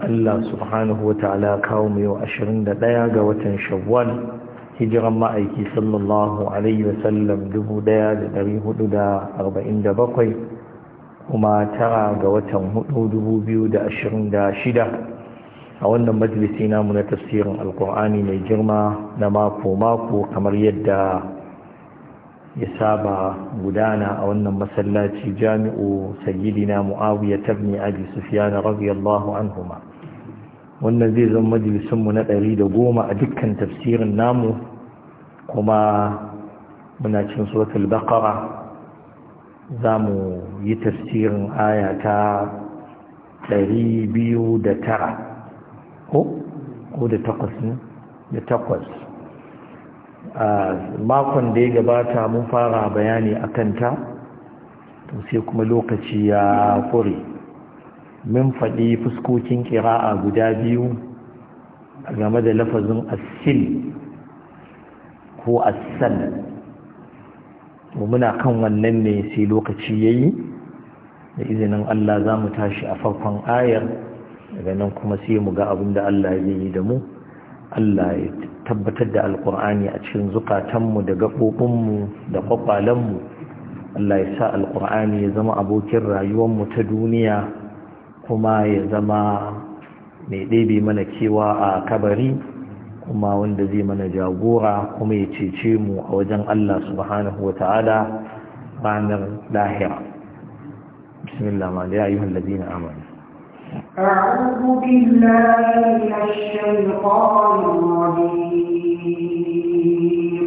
Allah subhanahu wa ta'ala kawo mu yau ɗaya ga watan shawwal hijiran ma'aiki sallallahu alaihi wasallam bakwai kuma tara ga watan hudu shida. a wannan majalisi namu na tafsirin alkur'ani mai girma na mako-mako kamar yadda ya saba gudana a wannan masallaci jami'u sayyidina mu'awiyah ibn abi sufyan radiyallahu anhuma wannan zai zama mu na ɗari da goma a dukkan tafsirin namu kuma muna cin suratul baqara za mu yi tafsirin aya ta ɗari biyu da tara ko ko da takwas ne da takwas a makon da ya gabata mun fara bayani a kanta to sai kuma lokaci ya kore min faɗi fuskokin ƙira'a guda biyu game da lafazin asil ko asal muna kan wannan ne sai lokaci ya yi da izinin Allah za mu tashi a farkon ayar daga nan kuma sai mu ga abin da Allah ya yi da mu Allah ya tabbatar da alkur'ani a cikin zukatanmu da gaɓoɓinmu da ƙwaƙwalenmu Allah ya sa alkur'ani ya zama abokin rayuwar mu ta duniya kuma ya zama mai ɗebe mana kewa a kabari kuma wanda zai mana jagora kuma ya cece mu a wajen Allah subhanahu wa ta'ala ranar lahira bismillah ma ya ayyuhal ladina amanu أعوذ بالله من الشيطان الرجيم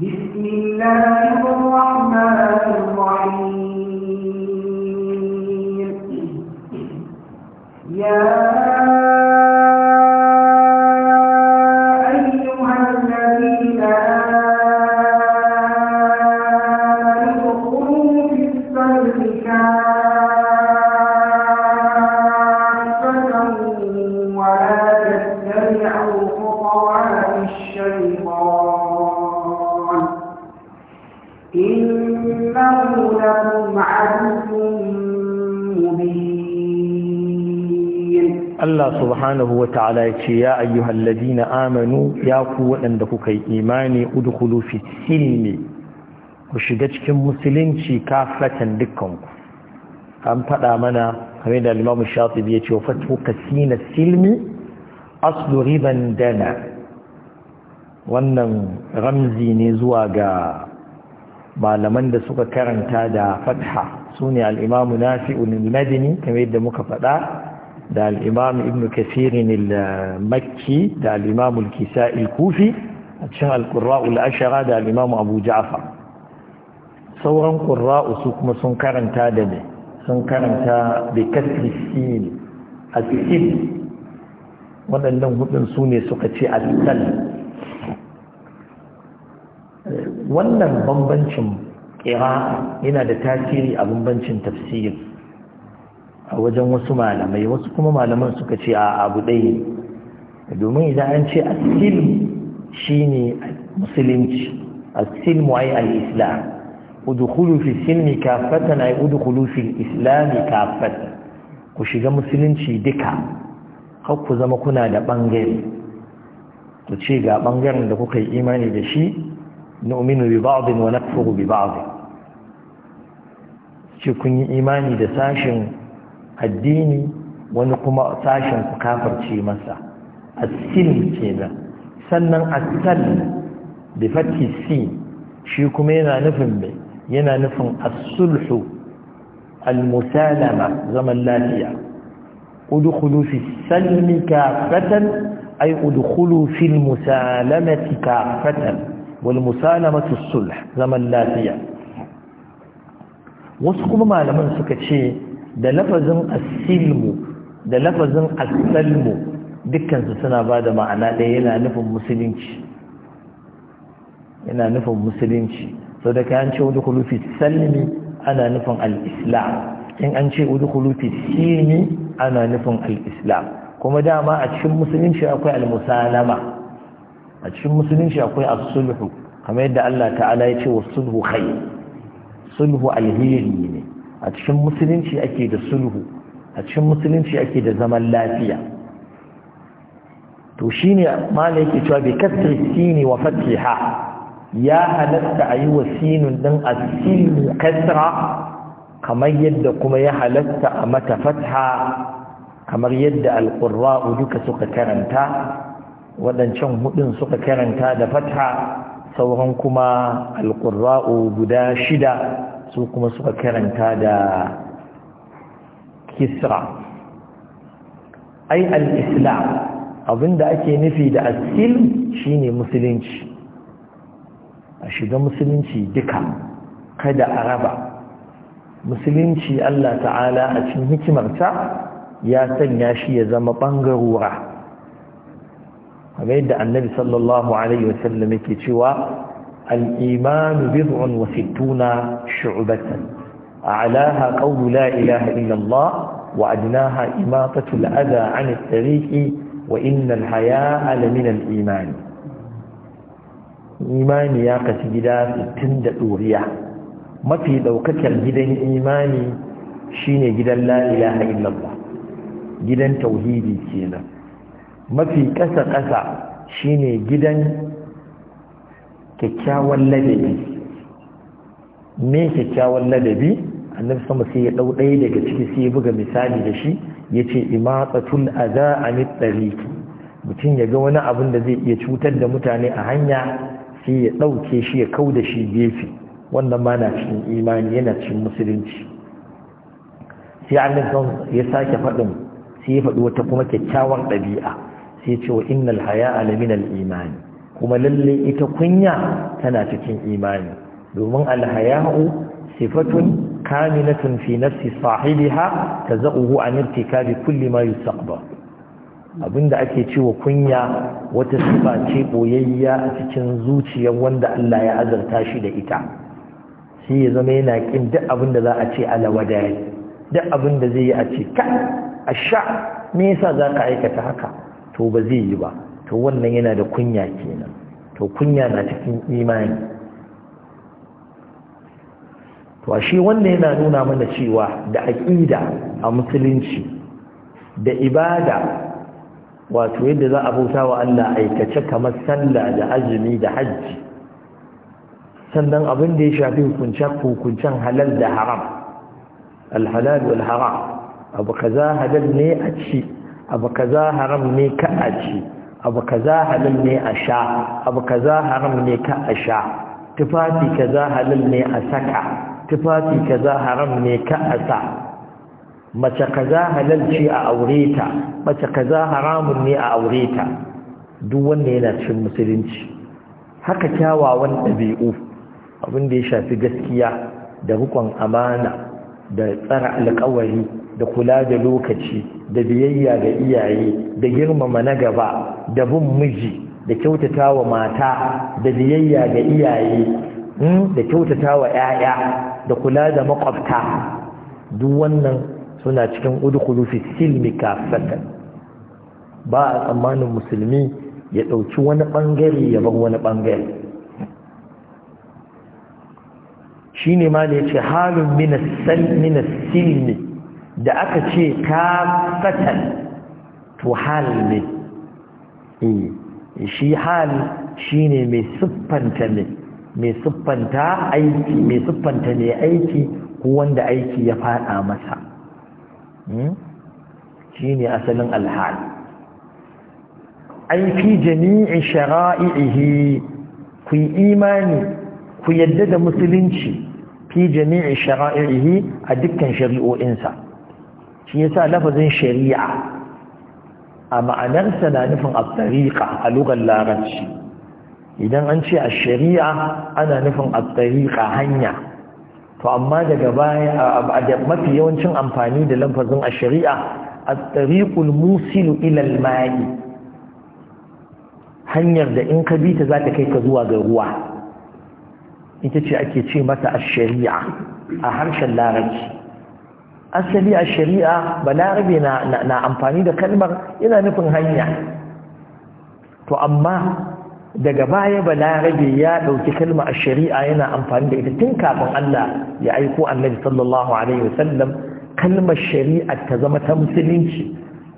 بسم الله الرحمن الرحيم يا Allah subhanahu wa ta'ala ya ce ya ayyuhal amanu ya ku waɗanda kuka yi imani udkhulu fi silmi ku shiga cikin musulunci kafatan dukkanku an faɗa mana kamar da Imam Shafi'i ya ce wa fatu kasina silmi aslu riban dana wannan ramzi ne zuwa ga malaman da suka karanta da fatha sune al-Imam Nafi'u al-Madini kamar yadda muka faɗa da al'imam ibn kasirin makki da al'imam al Ilkufi. kufi a al ashara da al'imam abu sauran qurra'u su kuma sun karanta da ne sun karanta bi kasri waɗannan hudun su ne suka ce as wannan bambancin ƙira yana da tasiri a bambancin tafsiri a wajen wasu malamai wasu kuma malaman suka ce a abu ɗaya domin idan an ce shi shine musulunci asil ai al-islam fi silmi na yi udukulu fi islami kafata ku shiga musulunci duka har ku zama kuna da bangare ku ce ga bangaren da kuka yi imani da shi nu'minu bi ba'd wa nakfuru bi ba'd ce kun yi imani da sashen addini wani kuma sashen ku kafirce masa asil kenan sannan asal da fatti si shi kuma yana nufin mai yana nufin asulhu almusalama zaman lafiya udkhulu fi salmi kafatan ay udkhulu fi almusalamati kafatan wal musalamatu sulh zaman lafiya wasu kuma malaman suka ce da lafazin asilmu da lafazin asalmu dukkansu suna ba da ma'ana ɗaya yana nufin musulunci yana nufin musulunci sau da ka ce wani kulufi salmi ana nufin al'islam in an ce wani kulufi sini ana nufin al'islam kuma dama a cikin musulunci akwai al-musalama a cikin musulunci akwai as-sulhu kamar yadda Allah ta'ala ya ce wa sulhu khair sulhu alheri ne a cikin musulunci ake da sulhu a cikin musulunci ake da zaman lafiya to shine mala yake cewa bi kasri sini wa fatiha ya halatta ayi wasinin din asini kasra kamar yadda kuma ya halatta a mata fatha kamar yadda alqurra'u duka suka karanta wadancan hudun suka karanta da fatha sauran kuma alqurra'u guda shida su kuma suka karanta da kisra ai al-islam abinda ake nufi da asilm shine musulunci a shiga musulunci duka kada araba musulunci Allah ta'ala a cikin hikimarta ya sanya shi ya zama bangarora kamar yadda annabi sallallahu alaihi wasallam yake cewa الإيمان بضع وستون شعبة أعلاها قول لا إله إلا الله وأدناها إماطة الأذى عن الطريق وإن الحياء لمن الإيمان إيماني يا قتجدا ستند أوريا ما في لو كتر جدا إيماني شين جدا لا إله إلا الله جدا توحيدي كينا ما في كسا كسا شين جدا kyakkyawan ladabi me kyakkyawan ladabi annabi sama sai ya dau ɗaya daga ciki sai ya buga misali da shi ya yace imatsatul adha anit tariq mutum ya ga wani abin da zai iya cutar da mutane a hanya sai ya ɗauke shi ya kau da shi gefe wannan ma na cikin imani yana cikin musulunci sai annabi ya sake faɗin sai ya faɗi wata kuma kyakkyawan ɗabi'a sai ya ce wa innal haya min al-imani kuma lalle ita kunya tana cikin imani domin alhaya'u sifatun kamilatun fi nafsi sahibiha tazaquhu an irtikabi kulli ma yustaqba abinda ake cewa kunya wata sifa ce boyayya a cikin zuciyar wanda Allah ya azarta shi da ita shi ya zama yana kin duk abinda za a ce alawadai duk abinda zai yi a ce ka asha me yasa zaka aikata haka to ba zai yi ba to wannan yana da kunya kenan to kunya na cikin imani to shi wannan yana nuna mana cewa da aqida a musulunci da ibada wato yadda za a bauta wa Allah aikace kamar sallah da azumi da hajji sannan abin da ya shafi hukuncen halal da haram alhalal wal haram abu kaza halal ne a ci abu kaza haram ne ka a ci abu kaza halin ne a sha abu kaza haram ne ka a sha tufafi kaza halin ne a saka tufafi kaza haram ne ka a sa mace kaza halal ce a aure ta mace kaza haramun ne a aure ta duk wanda yana cikin musulunci haka kyawawan ɗabi'u abin da ya shafi gaskiya da rikon amana da tsara alƙawari da kula da lokaci da biyayya ga iyaye da girmama na gaba da bin miji da kyautata wa mata da biyayya ga iyaye hmm, da kyautata wa 'ya'ya da kula da makwabta duk wannan suna cikin udkhulu fi silmi kafatan ba a tsammanin musulmi ya ɗauki wani ɓangare ya bar wani ɓangare shi ne ma da ya ce halin minas silmi da aka ce fatan to hal ne eh, shi hal shi ne mai siffanta ne mai siffanta aiki mai siffanta ne aiki ko wanda aiki ya fada masa hmm? shi ne asalin alhal aiki jami'in shara'i'ihi ku yi imani ku yadda da musulunci fi jami'in shara'i'ihi a dukkan shari'o'insa shi yasa lafazin shari'a a ma'anarsa na nufin a tariqa a lugar larabci idan an ce a shari'a ana nufin a tariqa hanya to amma daga baya a mafi yawancin amfani da lafazin a shari'a a tariqul musilu ilal mai hanyar da in ka bita ta za ta kai ka zuwa ga ruwa ita ce ake ce mata a shari'a a harshen larabci asali a shari'a balarabe na na amfani da kalmar yana nufin hanya to amma daga baya balarabe ya dauki kalma a shari'a yana amfani da ita tun kafin Allah ya aiko annabi sallallahu alaihi wasallam kalmar shari'a ta zama ta musulunci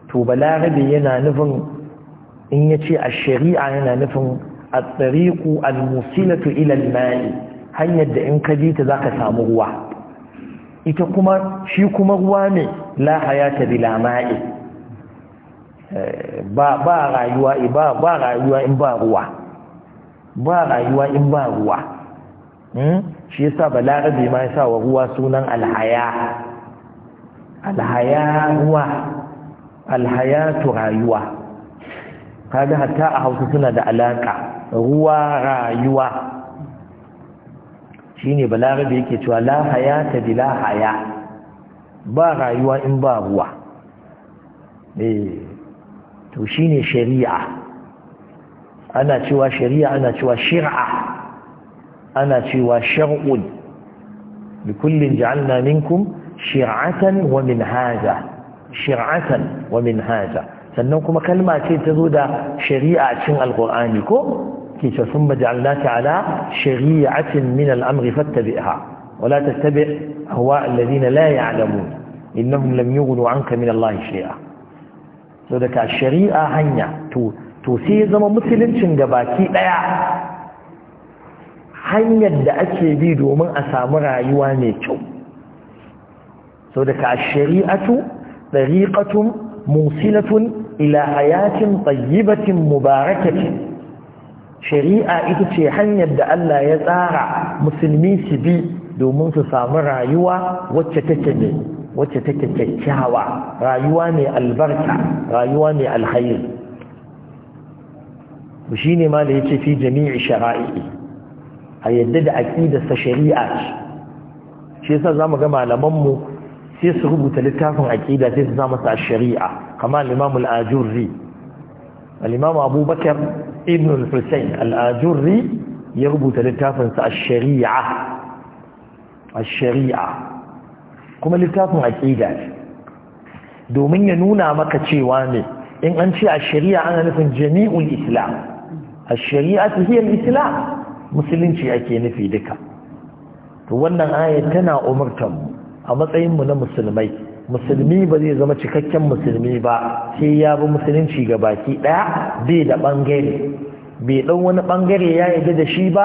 to balarabe yana nufin in yace a shari'a yana nufin a tariqu al-musilatu ila al hanyar da in ka ji ta zaka samu ruwa ita kuma shi kuma ruwa ne la hayata bila ma'i eh, ba ba rayuwa ba ba rayuwa in ba ruwa ba rayuwa in ba ruwa hmm? shi yasa balarabe ma yasa wa ruwa sunan alhaya alhaya ruwa alhayatu rayuwa kaga hatta a hausa suna da alaka ruwa rayuwa shine balarabe yake cewa la hayata bila haya ba rayuwa in ba ruwa eh to shine shari'a ana cewa shari'a ana cewa shir'a ana cewa shar'un likullin ja'alna minkum shir'atan wa minhaja shir'atan wa minhaja sannan kuma kalma ce ta zo da shari'a cikin alqur'ani ko كيش ثم جعلناك على شريعة من الأمر فاتبعها ولا تتبع أهواء الذين لا يعلمون إنهم لم يغنوا عنك من الله شيئا لذلك الشريعة هنيا توسي زما مسلم شنقباكي لا hanyar da ake bi domin a samu rayuwa mai kyau sau daga shari'atu ɗariƙatun musilatun ila hayatin tsayyibatin mubarakatin shari'a ita ce hanyar da Allah ya tsara musulmi su bi domin su samu rayuwa wacce take ne wacce take kyakkyawa rayuwa ne albarka rayuwa mai alkhairi shi ne ma da ya ce fi jami'i shara'i a yadda da aƙidarsa shari'a ce shi yasa za mu ga malamanmu sai su rubuta littafin aƙida sai su za masa shari'a kamar limamul ajurri al-imam abubakar ibn al-husayn al-ajurri ya rubuta littafinsa ash-shari'a ash-shari'a kuma littafin aqida ne domin ya nuna maka cewa ne in an ce ash-shari'a ana nufin jami'ul islam ash-shari'atu hiya al-islam musulunci ake nufi duka to wannan ayat tana umurtan mu a matsayin mu na musulmai musulmi ba zai zama cikakken musulmi ba sai ya bi musulunci ga baki ɗaya bai da ɓangare bai ɗan wani ɓangare ya yarda da shi ba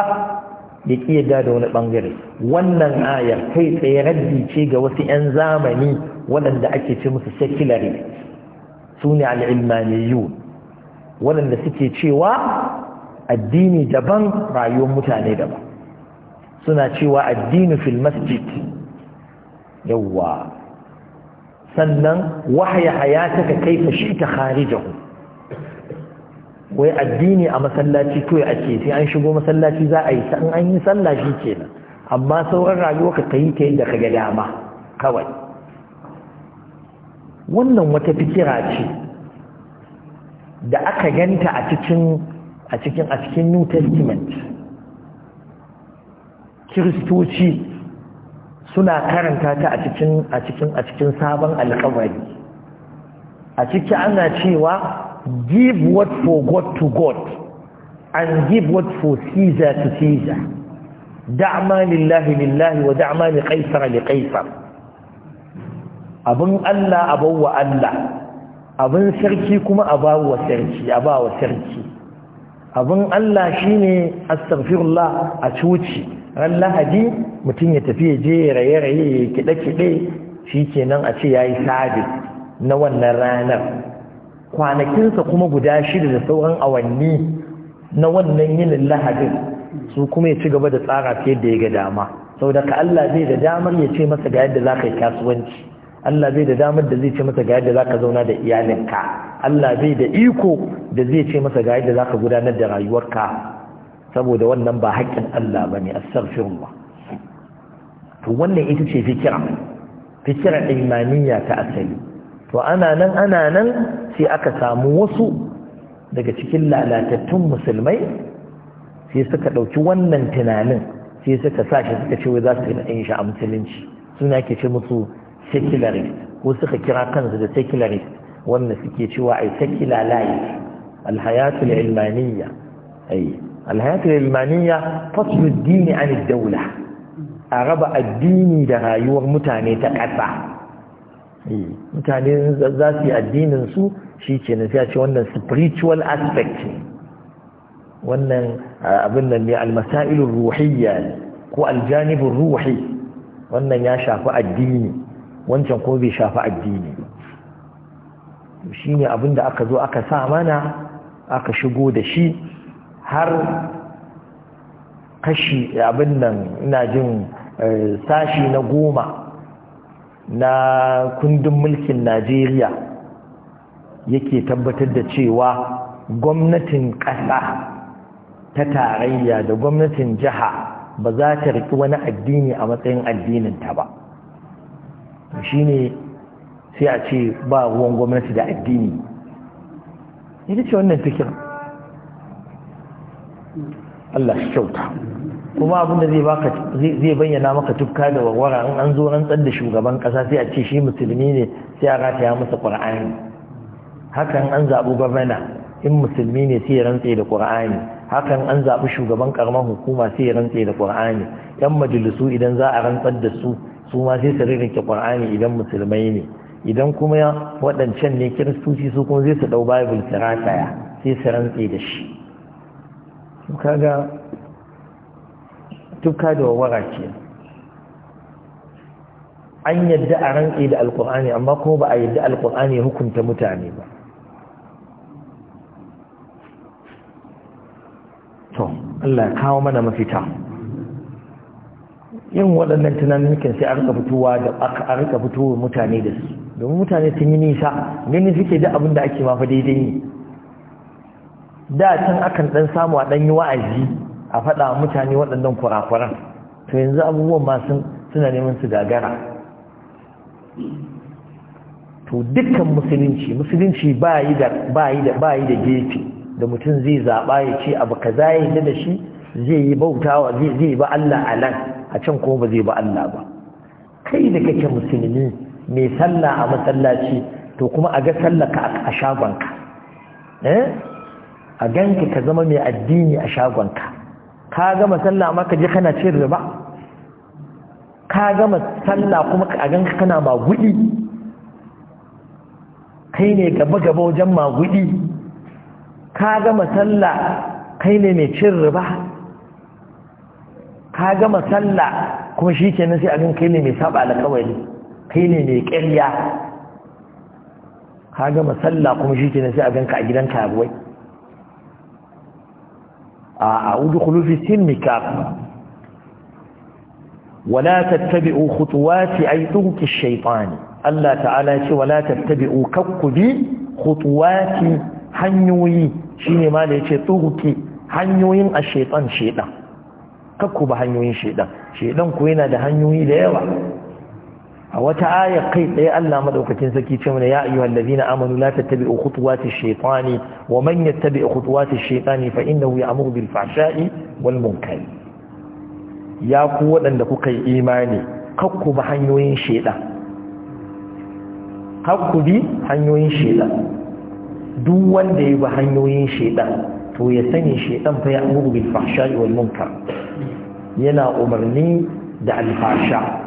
ya ƙi yarda da wani ɓangare wannan ayar kai tsaye raddi ce ga wasu 'yan zamani waɗanda ake ce musu seculary su ne al'ilmaniyu waɗanda suke cewa addini daban rayuwar mutane daban suna cewa addini fil masjid yawwa sannan wahaya taka kaifa shi'ta kharijahu wai addini a masallaci to ake sai an shigo masallaci za a yi san an yi sallah shi kenan amma sauran rayuwa ka yi ta yadda kaga dama kawai wannan wata fikira ce da aka ganta a cikin a cikin a cikin New Testament kiristoci suna karanta ta a cikin a cikin a cikin sabon alƙawari a ciki ana cewa give what for God to God and give what for Caesar to Caesar da'ma lillahi lillahi wa da'ma li qaisar li qaisar abin Allah abawa Allah abin sarki kuma abawa sarki abawa sarki abin Allah shine astaghfirullah a cuci ran lahadi mutum ya tafi ya je raye-raye ya kiɗe-kiɗe shi kenan a ce ya yi sabis na wannan ranar kwanakinsa kuma guda shida da sauran awanni na wannan yinin lahadin su kuma ya ci gaba da tsara fiye da ya ga dama sau ka Allah zai da damar ya ce masa ga yadda za ka yi kasuwanci Allah zai da damar da zai ce masa ga yadda za ka zauna da iyalinka Allah zai da iko da zai ce masa ga yadda za ka gudanar da rayuwarka saboda wannan ba haƙƙin Allah ba ne ba. to wannan ita ce fikira fikira imaniya ta asali to ana nan ana nan sai aka samu wasu daga cikin lalatattun musulmai sai suka ɗauki wannan tunanin sai suka sa shi suka ce wai za su yi na'in shi a musulunci suna ke ce musu secularist ko suka kira kansu da secularist wanda suke cewa ai secular life alhayatul ilmaniyya ai alhayatu al-ilmaniyya fasl ad-din an ad a raba addini da rayuwar mutane ta ƙasa mutane za su yi addinin su shi ke na ce wannan spiritual aspect wannan abin nan ne almasailun ruhiyya ko aljanibin ruhi wannan ya shafi addini wancan ko bai shafi addini shi ne abin da aka zo aka sa mana aka shigo da shi har kashi abin nan ina jin eh, sashi na goma na kundin mulkin najeriya yake tabbatar da cewa gwamnatin ƙasa ta tarayya da gwamnatin jiha ba za ta riƙi wani addini a matsayin addininta ba shi ne sai a ce ba ruwan gwamnati da addini ita ce wannan fikir Allah shi kyauta kuma abin da zai baka zai bayyana maka tukka da warwara in an zo rantsar da shugaban kasa sai a ce shi musulmi ne sai a rataya masa qur'ani hakan an zabu gwamna in musulmi ne sai ya rantse da qur'ani hakan an zaɓi shugaban karamar hukuma sai ya rantse da qur'ani yan majalisu idan za a rantsar da su su ma sai su rinke qur'ani idan musulmai ne idan kuma waɗancan ne kiristoci su kuma zai su dau bible su rataya sai su rantse da shi kaga tuka da wawara ce an yadda a rantsi da alkur'ani amma kuma ba a yadda alkur'ani hukunta mutane ba to Allah kawo mana mafita yin waɗannan tunanin sai a rika fitowa da a rika fitowa mutane da su domin mutane sun yi nisa ganin suke da abin da ake mafa daidai ne da can akan dan samu a dan yi wa'azi a faɗa mutane waɗannan kurakuran to yanzu abubuwan ma suna neman su gagara to dukkan musulunci musulunci ba yi da gefe da mutum zai zaɓa ya ce abu ka za yi da shi zai yi bautawa zai ba Allah alan a can kuma ba zai ba Allah ba kai da kake musulmi mai sallah a masallaci to kuma a ga sallaka a shagonka eh a ganki ka zama mai addini a shagonka ka gama sallah amma ka je kana cin riba ka gama sallah kuma a ganka kana magudi kai ne gaba-gaba wajen magudi ka gama sallah kai ne mai cin riba ka gama sallah kuma shi sai a gan kai ne mai saba alkawari kai ne mai ƙarya ka gama sallah kuma shi sai a ganka a gidan karuwai a udkhulu fi sinni kafa wala tattabi'u khutuwati ay tuqi shaytani Allah ta'ala ce wala tattabi'u kakkubi khutuwati hanyoyi shine da yace tuqi hanyoyin ash-shaytan shedan kakku hanyoyin shedan shedan ko yana da hanyoyi da yawa a wata aya kai tsaye Allah madaukakin saki ce mana ya ayyuhal ladina amanu la tattabi'u khutuwati shaytani wa man yattabi'u khutuwati shaytani fa innahu ya'muru bil fahsha'i wal munkar ya ku waɗanda kuka yi imani kakku ba hanyoyin shaytan kakku bi hanyoyin shaytan duk wanda ya bi hanyoyin shaytan to ya sani shaytan fa ya'muru bil fahsha'i wal munkar yana umarni da alfasha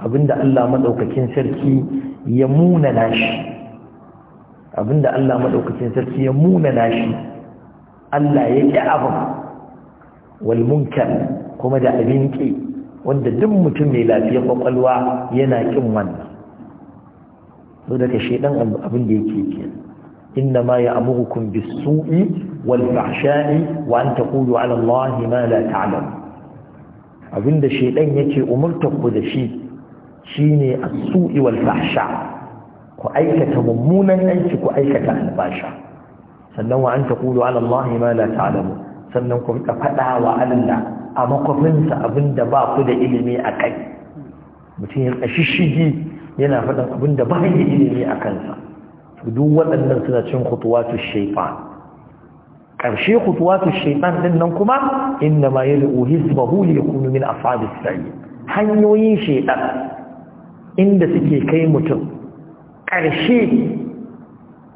abinda Allah maɗaukakin sarki ya muna nashi abinda Allah madaukakin sarki ya muna nashi Allah ya abin kuma da abin wanda duk mutum mai lafiyar kwakwalwa yana ƙin wannan so daga shedan abin da yake kenan إنما يأمركم بالسوء والفحشاء ta تقولوا على الله ما لا تعلم abinda shaiɗan yake umurtar ku da shi shine as-su'i wal fahsha ku aikata mummunan aiki ku aikata albasha sannan wa an taqulu ala Allah ma la ta'lamu sannan ku rika fada wa Allah a makofinsa abinda ba ku da ilimi a kai mutum ya shishigi yana faɗin abinda ba ya ilimi a kansa duk waɗannan suna cin khutuwatu shaytan ƙarshe kutuwatu shaitan din nan kuma inna ma yad'u hizbahu li yakunu min ashabis sa'id hanyoyin shaitan inda suke kai mutum ƙarshe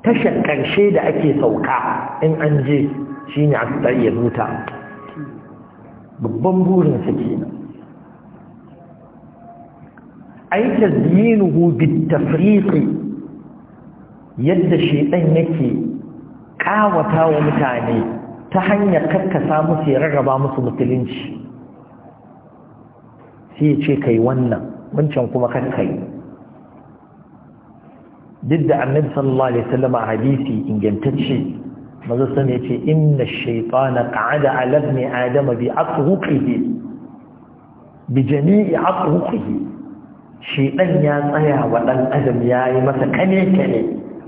tashar ƙarshe da ake sauka in an je shi ne a tsaye muta babban burin su ke nan aita zinuhu bitafriqi yadda shaɗan yake ƙawata wa mutane ta hanyar karkasa musu ya rarraba musu musulunci sai ce kai wannan wancan kuma kai duk da annabi sallallahu alaihi wasallam a hadisi ingantacce maza sani yace inna shaytana qa'ada ala ibn adama bi atruqihi bi jami'i atruqihi shaytan ya tsaya wa dan adam yayi masa kane kane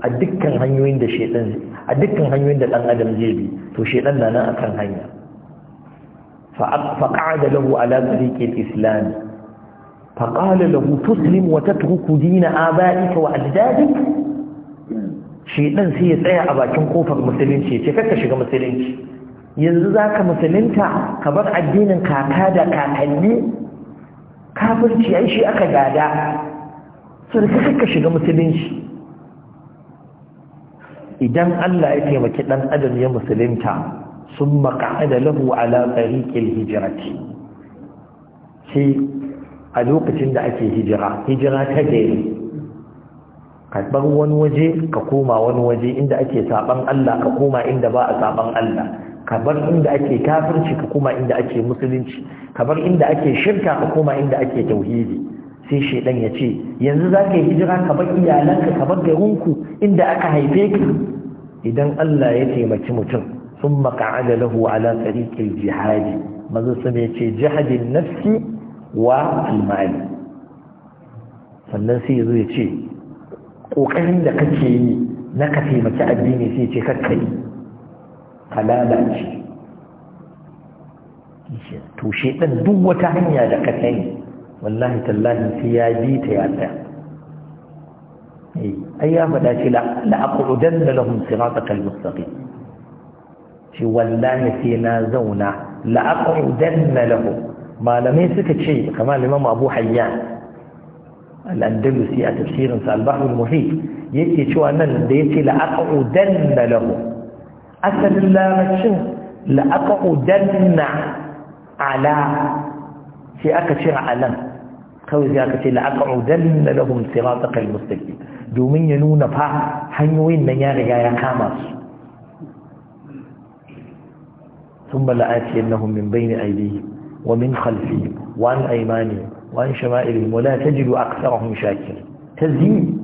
a dukkan hanyoyin da shaytan a dukkan hanyoyin da dan adam zai bi to shaytan na nan akan hanya fa aqada lahu ala tariqi al-islam فقال له تسلم وتترك دين آبائك وأجدادك shedan sai ya tsaya a bakin kofar musulunci ce kakka shiga musulunci yanzu zaka musulunta ka bar addinin kaka da kakanni kafirci ai shi aka gada sai kakka shiga musulunci idan Allah ya taimaki ɗan adam ya musulunta summa qa'ada lahu ala tariqil hijrati sai a lokacin da ake hijira hijira ta gari ka bar wani waje ka koma wani waje inda ake saban Allah ka koma inda ba a saban Allah ka bar inda ake kafirci ka koma inda ake musulunci ka bar inda ake shirka ka koma inda ake tauhidi sai shaidan ya ce yanzu za ka yi hijira ka bar iyalanka ka bar garinku inda aka haife ka idan Allah ya taimaki mutum sun maka'ada lahu ala tsarikin jihadi mazu sun ya ce jihadin nafsi wa almali sannan sai zo ya ce ƙoƙarin da kake yi na ka taimaki addini sai ce kakka yi halala ce to ɗan duk wata hanya da ka sani wallahi tallahi sai ya bi ta ya tsaya eh, ai ya faɗa ce la'aƙudan da lahun sirata kalmustaƙi ce wallahi sai na zauna la'aƙudan da lahun malamai suka ce kamar limamu abu hayyan al'andalusi a tafsirinsa albahul muhit yake ci wannan da ya ce la'aƙa'udan na lahu asalin larabcin la'aƙa'udan na ala sai aka cira alan kawai sai aka ce la'aƙa'udan na lahu sira tsakar mustaƙi domin ya nuna fa hanyoyin nan ya riga ya kama su sun bala'aci yannahun min bayni aidihim ومن خلفهم وعن أيمانهم وعن شمائلهم ولا تجد أكثرهم شاكرين تزيين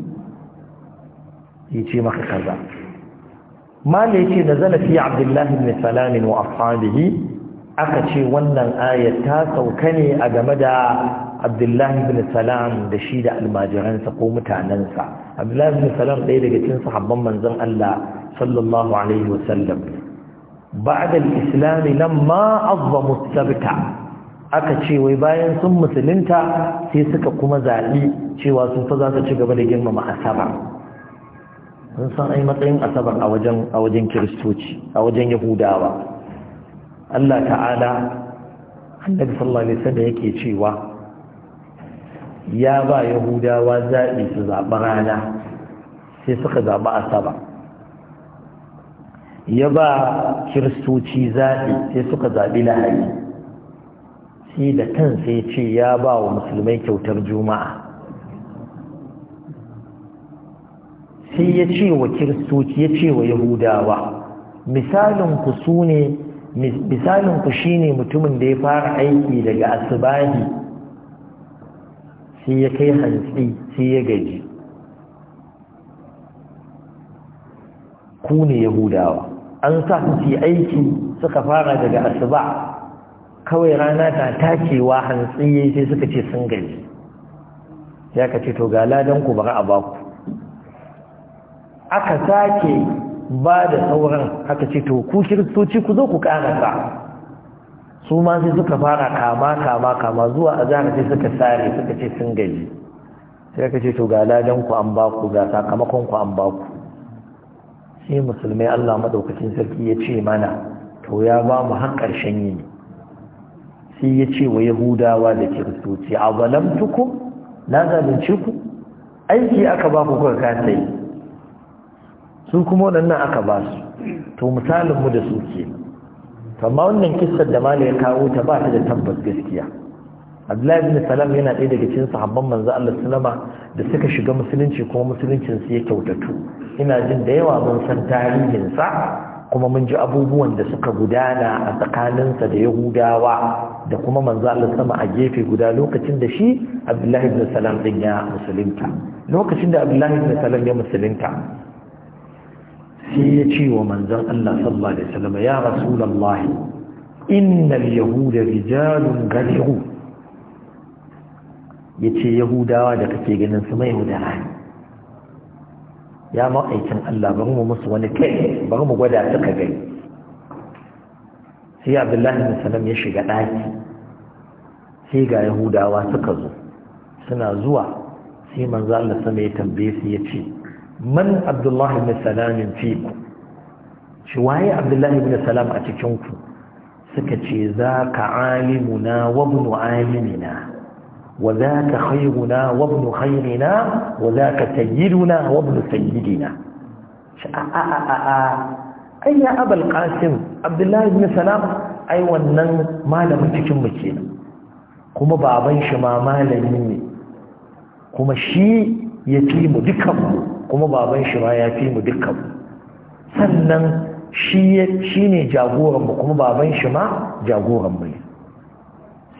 يتي مخي كذا ما ليتي نزل في عبد الله بن سلام وأصحابه أكتشي ونن آية تاسو كني أجمد عبد الله بن سلام دشيد الماجران سقوم تعننسا عبد الله بن سلام ليلة تنسى حبا من زن الله صلى الله عليه وسلم بعد الإسلام لما أظموا السبتة aka ce wai bayan sun musulunta sai suka kuma zaɓi cewa sun fa za su ci gaba da girmama asabar sun san ai matsayin asabar a wajen a wajen kiristoci a wajen yahudawa Allah ta'ala annabi sallallahu alaihi wasallam yake cewa ya ba yahudawa zaɓi su zaɓi rana sai suka zaɓi asaba ya ba kiristoci zaɓi sai suka zaɓi lahari shi da kan ya ce ya ba wa musulmai kyautar juma'a sai ya ce wa kiristoci ya ce wa yahudawa misalinku su ne misalinku shi ne mutumin da ya fara aiki daga asibahi sai ya kai hantsi sai ya gaji ku ne yahudawa an sa su aiki suka fara daga asuba kawai rana ta takewa hantsi sai suka ce sun gaji ya ka ce to ga ladan ku bari a baku aka sake ba da sauran aka ce to ku kiristoci ku zo ku karasa su ma sai suka fara kama kama kama zuwa a sai suka sare suka ce sun gaji sai aka ce to ga ladan ku an baku ga sakamakon ku an baku sai musulmai Allah madaukakin sarki ya ce mana to ya ba mu har yini sai ya ce wa yahudawa da kiristoci a zalamtukum na zalunci ku aiki aka ba ku kuka ta yi su kuma waɗannan aka ba su to misalinmu da su ke amma wannan kistar da Malam ya kawo ta ba ta da tabbas gaskiya abdullahi bin salam yana ɗaya daga cikin sahabban manzo Allah sallama da suka shiga musulunci kuma musuluncin su ya kyautatu ina jin da yawa mun san tarihinsa. kuma mun ji abubuwan da suka gudana a tsakaninsa da yahudawa da kuma manzo Allah sama a gefe guda lokacin da shi Abdullahi ibn Salam din ya musulunta lokacin da Abdullahi ibn Salam ya musulunta sai ya ce wa manzon Allah sallallahu alaihi wasallam ya rasulullah innal yahuda rijalun ghalihu yace yahudawa da kake ganin su mai ne. ya ma'aikin Allah bari mu musu wani kai bari mu gwada suka gani sai abdullahi bin salam ya shiga ɗaki sai ga yahudawa suka zo suna zuwa sai manzo Allah sama ya tambaye su ya ce man abdullahi bin salam fi ku shi waye abdullahi bin salam a cikin ku suka ce za ka alimuna wa ibn alimina وذاك خيرنا وابن خيرنا وذاك سيدنا وابن سيدنا ai ya abal qasim abdullahi ibn salam ai wannan malamin cikin mu kenan kuma baban shi ma ne kuma shi ya fi mu dukkan mu kuma baban shi ya fi mu dukkan mu sannan shi ne jagoran mu kuma baban shi ma jagoran mu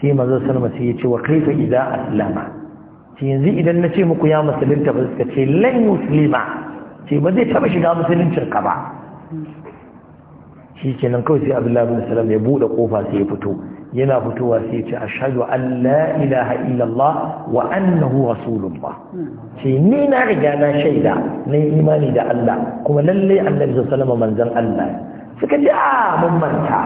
sai manzo sallama sai ya ce wa kaifa idza aslama yanzu idan nace muku ya musulunta ba suka ce lan muslima ba zai taba shiga musuluncin ka ba shikenan kawai sai abdullahi bin salam ya bude kofa sai ya fito yana fitowa sai ya ce ashhadu an la ilaha illallah wa annahu rasulullah sai ni na riga na shaida na imani da Allah kuma lalle annabi sallallahu alaihi wasallam manzon Allah suka ji a ah, mun manta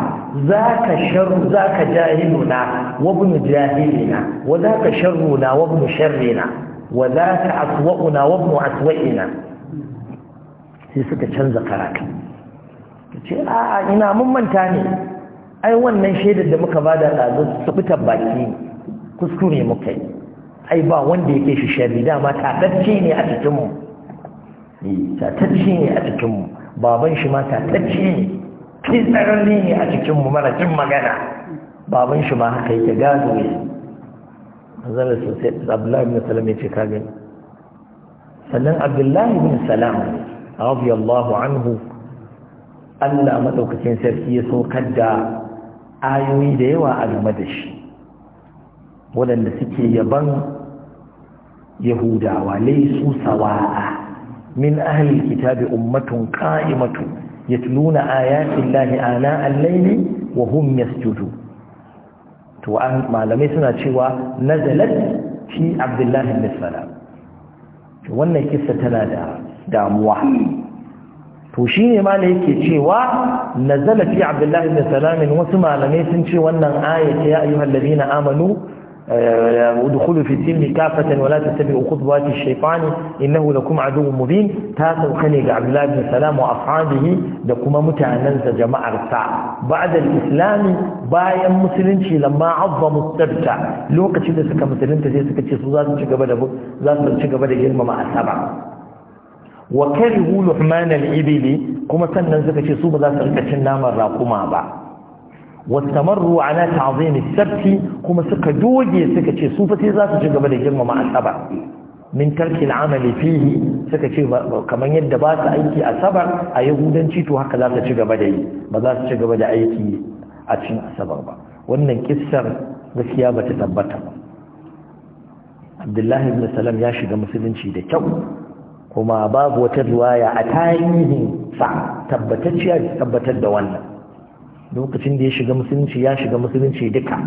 za ka sharru za ka na wa jahili na wa za ka na wa sharri sharrina wa za ka na wa aswa'i aswa'ina sai suka canza karatu ce a ina mun manta ne ai wannan shaidar da muka bada ɗazu su fitar baki kuskure muka yi ai ba wanda yake shi sharri dama tatacce ne a cikinmu eh, tatacce ne a cikinmu baban shi ma tatacce ne kai tsararri ne a cikinmu mara cin magana baban shi ma haka yake gado ne zara sosai abdullahi bin salam ya ce ka gani sannan abdullahi bin salam radiyallahu anhu Allah maɗaukacin sarki ya saukar da ayoyi da yawa a game da shi waɗanda suke yaban yahudawa laisu sawa'a min ahlil kitabi ummatun qa'imatu يتلون آيات الله آناء wa وهم يسجدون to an malamai suna cewa nazalat fi abdullahi ibn salam to wannan kissa tana da damuwa to shine ma yake cewa nazalat fi abdullahi ibn salam wasu malamai sun ce wannan ayat ya ayyuhal ladina amanu ودخول في السلم كافة ولا تتبعوا خطوات الشيطان إنه لكم عدو مبين تاسو كني عبد الله بن سلام وأصحابه دكما متعننز جماعة الساعة بعد الإسلام بايا مسلنشي لما عظموا السبت لوقت شده سكا مسلنت سي سكا تشيسو ذات شكبدا ذات شكبدا جلم مع السبع وكرهوا لحمان الإبل كما سنن سكا تشيسو بذات ركتشن نام الراقما بعد wastamarru ruwa ana as-sabt kuma suka doge suka ce su za su ci gaba da girmama asabar min tarki al-amali suka ce kaman yadda ba su aiki asabar a yahudanci to haka za su ci gaba da yi ba za su ci gaba da aiki a cikin asabar ba wannan kissar gaskiya bata tabbatar. ba Abdullahi ibn Salam ya shiga musulunci da kyau kuma babu wata riwaya a tarihin sa tabbatacciya tabbatar da wannan lokacin da ya shiga musulunci ya shiga musulunci duka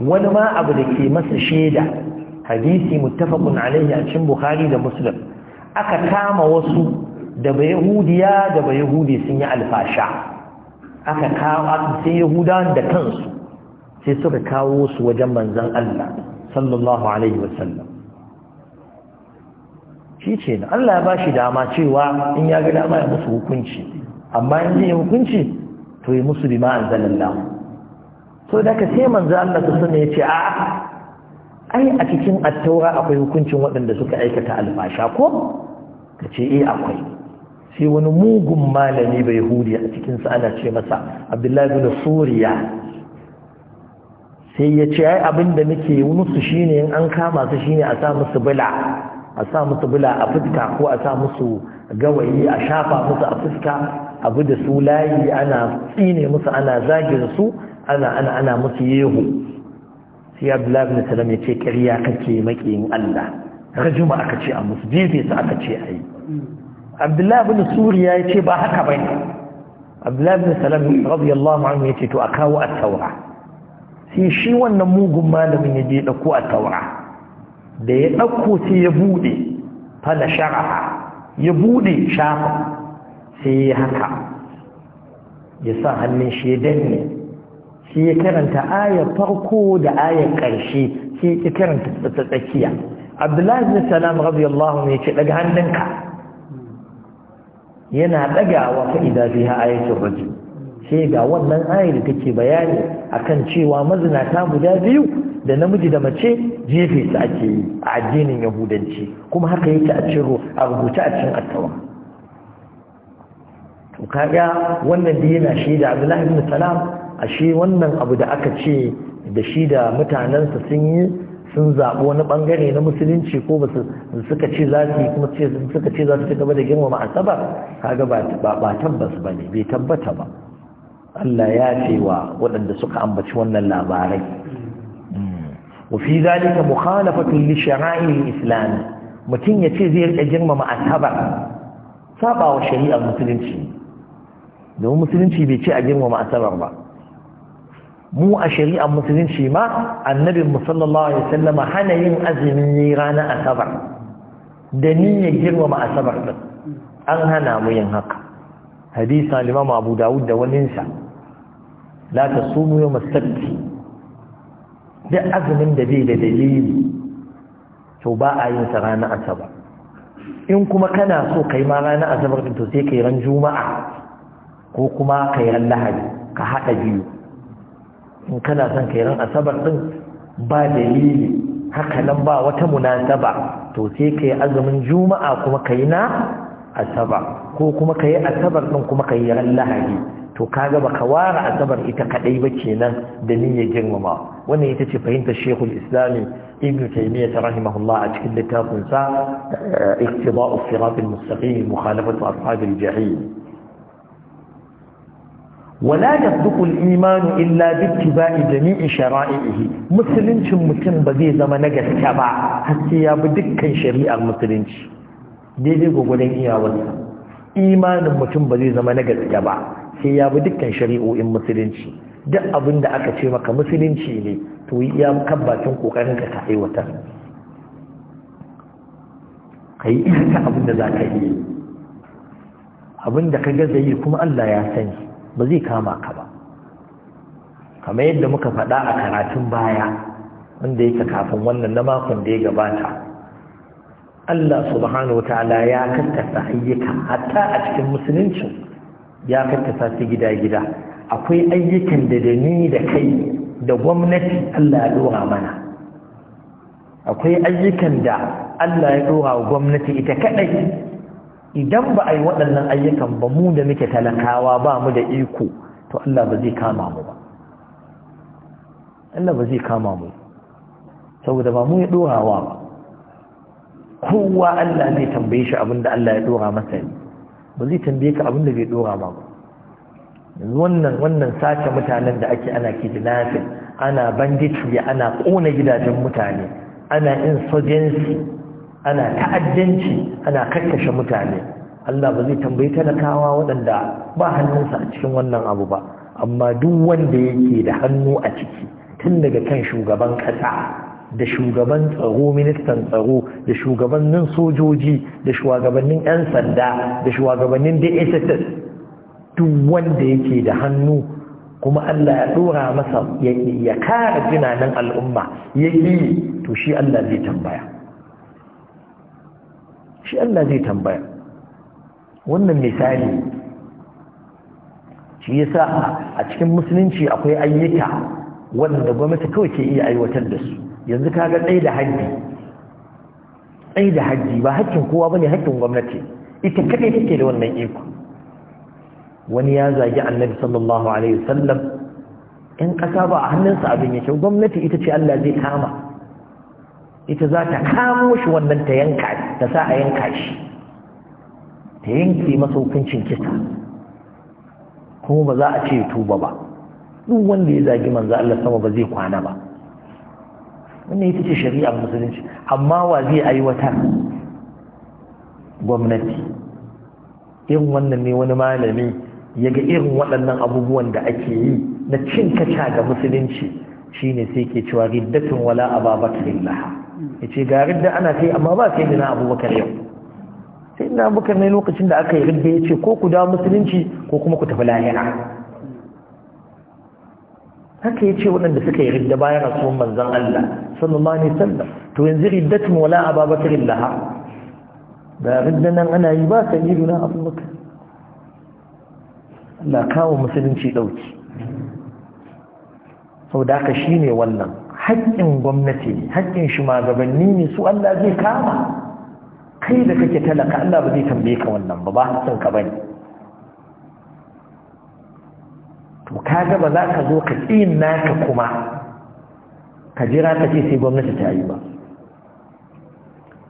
wani ma abu da ke masa shaida hadisi muttafaqun alaihi a cikin bukhari da muslim aka kama wasu da ba yahudiya da ba yahudi sun yi alfasha aka kawo sai Yahudan da kansu sai suka kawo su wajen manzon Allah sallallahu alaihi wasallam shi ce Allah ya bashi dama cewa in ya ga dama ya musu hukunci amma in ya hukunci to yi musu bima lamu so da ka sai manzo Allah ta sunne ce a ai a cikin attaura akwai hukuncin waɗanda suka aikata alfasha ko Ka ce eh akwai sai wani mugun malami bai yahudi a cikin sa ana ce masa Abdullahi bin Suriya sai ya ce ai abinda muke musu shine in an kama su shine a sa musu bula a sa musu bula a fuska ko a sa musu gawayi a shafa musu a fuska abu da su layi ana tsine musu ana zagin su ana ana ana musu yehu sai abdullahi bin salam ya ce ƙarya kake maƙiyin allah rajuma aka ce a musu jefe su aka ce a abdullahi bin suriya ya ce ba haka ba ne abdullahi bin salam radiyallahu anhu ya ce to a kawo at-taura sai shi wannan mugun malamin ya je dauko at-taura da ya dauko sai ya bude fala sharaha ya bude shafa sai ya haka ya sa hannun shi ya sai ya karanta ayar farko da ayar ƙarshe sai ya karanta ta tsakiya abdullahi bin salam ne ce daga hannunka yana dagawa fa idan biha ayatul rajul sai ga wannan ayar da take bayani akan cewa mazinata guda biyu da namiji da mace jefe su ake yi a addinin yahudanci kuma haka yake a ciro a rubuce a cin attawa to kaga wannan da yana shi da abdullahi ibn salam ashe wannan abu da aka ce da shi da mutanensa sun yi sun zaɓi na ɓangare na musulunci ko ba su suka ce za su yi kuma suka ce za su ci gaba da girmama asabar kaga ba tabbas ba ne bai tabbata ba Allah ya ce wa waɗanda suka ambaci wannan labarai hmm. wafi zalika mukhalafatun li shara'il islam mutum ya ce zai rike girmama asabar saba wa shari'ar musulunci domin musulunci bai ce a girmama asabar ba mu a shari'ar musulunci ma annabin musallallahu alaihi sallama hana yin azumin yi ranar asabar da niyyar girmama asabar din an hana mu yin haka hadisa limam abu dawud da waninsa la ta sumu yau masabti duk azumin da bai da dalili to ba a yin sa ranar asabar in kuma kana so kai ma ranar asabar din to sai kai ran juma'a ko kuma ka yi lahadi ka haɗa biyu in kana son kairan asabar ɗin ba dalili haka nan ba wata munasaba to sai ka yi azumin juma'a kuma ka yi na asabar ko kuma ka yi asabar ɗin kuma ka yi ran lahadi to kaga ba ka ware asabar ita kaɗai ba kenan da niyyar girmama wannan ita ce fahimtar shekul islami ibn ta rahimahullah a cikin littafinsa eh, iqtida'u siratal mustaqim mukhalafatu ashabil jahil wala yasduqu al-iman illa bi ittiba'i jami'i shara'ihi musuluncin mutum ba zai zama na gaske ba har sai ya bi dukkan shari'ar musulunci daidai gwagwadon iyawarsa imanin mutum ba zai zama na gaske ba sai ya bi dukkan shari'o'in musulunci duk abin da aka ce maka musulunci ne to ya kan bakin kokarin ka ta aiwatar ka yi iyaka abin da za ka yi abin da ka gaza yi kuma Allah ya sani ba zai kama ka ba kamar yadda muka faɗa a karatun baya wanda yake kafin wannan na makon da ya gabata Allah subhanahu wa ta'ala ya kattasa ayyuka hatta a cikin musulunci ya kattasa su gida-gida akwai ayyukan da da ni da kai da gwamnati Allah ya dora mana akwai ayyukan da Allah ya dora wa gwamnati ita kaɗai. idan ba a yi waɗannan ayyukan ba mu da muke talakawa ba mu da iko to Allah ba zai kama mu ba Allah ba zai kama mu saboda ba mu ya dorawa ba kowa Allah zai tambaye shi abinda Allah ya ɗora masa ne ba zai tambaye ka abinda bai ɗora ma ba wannan wannan sace mutanen da ake ana kidnapping ana banditry ana ƙona gidajen mutane ana insurgency ana ta'addanci ana kakkashe mutane Allah ba zai tambayi talakawa waɗanda ba hannunsa a cikin wannan abu ba amma duk wanda yake da hannu a ciki tun daga kan shugaban ƙasa da shugaban tsaro ministan tsaro da shugabannin sojoji da shugabannin 'yan sanda da shugabannin DSS duk wanda yake da hannu kuma Allah ya ɗora masa ya kara tunanin al'umma ya yi to shi Allah zai tambaya. shi Allah zai tambaya wannan misali shi yasa a cikin musulunci akwai ayyuka wanda gwamnati kawai ke iya aiwatar da su yanzu kaga ɗai da haji ɗai da haji ba haƙƙin kowa bane haƙƙin gwamnati ita kadai take da wannan iko wani ya zagi annabi sallallahu alaihi wasallam in ƙasa ba a hannunsa abin yake gwamnati ita ce Allah zai kama ita za ta kamo shi wannan ta yanka ta sa a yanka shi ta yanke masa hukuncin kisa kuma ba za a ce tuba ba duk wanda ya zagi manza, Allah sama ba zai kwana ba wannan ita ce shari'ar musulunci amma wa zai aiwatar gwamnati irin wannan ne wani malami ya ga irin waɗannan abubuwan da ake yi na cin kaca ga musulunci shine sai ke cewa riddatin wala a ababatun laha ya ce ga ridda ana kai amma ba sai na abubakar yau sai na abubakar ne lokacin da aka yi ridda ya ce ko ku dawo musulunci ko kuma ku tafi lahira haka ya ce waɗanda suka yi ridda bayan rasuwan manzan Allah sallallahu alaihi wasallam to yanzu riddatun wala ababakar laha da ridda nan ana yi ba sayyiduna abubakar Allah kawo musulunci ɗauki sau da haka shi ne wannan haƙƙin gwamnati ne haƙƙin shugabanni ne su Allah zai kama kai da kake talaka Allah ba zai tambaye ka wannan ba ba haƙƙin ka bane to kaga ba za ka zo ka tsin naka kuma ka jira ka ce sai gwamnati ta yi ba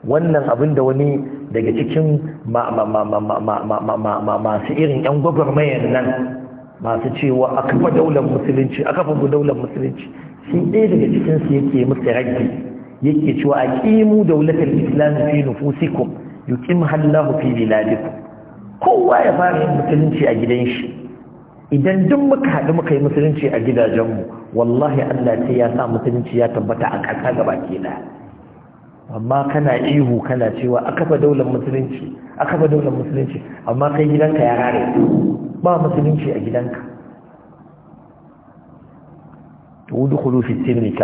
wannan abin da wani daga cikin masu irin 'yan gwagwarmayar nan masu cewa a kafa daular musulunci a kafa daular musulunci shi ɗaya daga cikinsu yake masa ragi yake cewa a ƙimu daular islam fi nufusikum yuqim hallahu fi biladikum kowa ya fara yin musulunci a gidan shi idan duk muka haɗu muka yi musulunci a gidajenmu wallahi Allah ce ya sa musulunci ya tabbata a kaka gaba ke da amma kana ihu kana cewa aka fa daular musulunci aka fa daular musulunci amma kai gidanka ya rare ba musulunci a gidanka to udkhulu fi sirri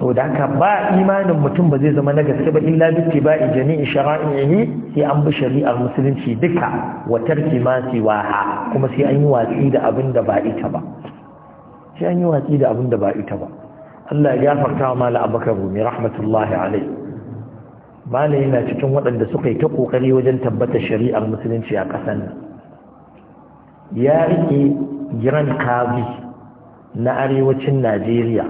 haka ba imanin mutum ba zai zama na gaske ba illa bitti ba jami'i shara'ihi sai an bi shari'ar musulunci duka wa tarki ma siwaha kuma sai an yi watsi da abin da ba ita ba Allah ya gafarta wa mala abakar rumi rahmatullahi alai mala yana cikin waɗanda suka yi ta ƙoƙari wajen tabbata shari'ar musulunci a ƙasar nan ya riƙe giran kabi na arewacin najeriya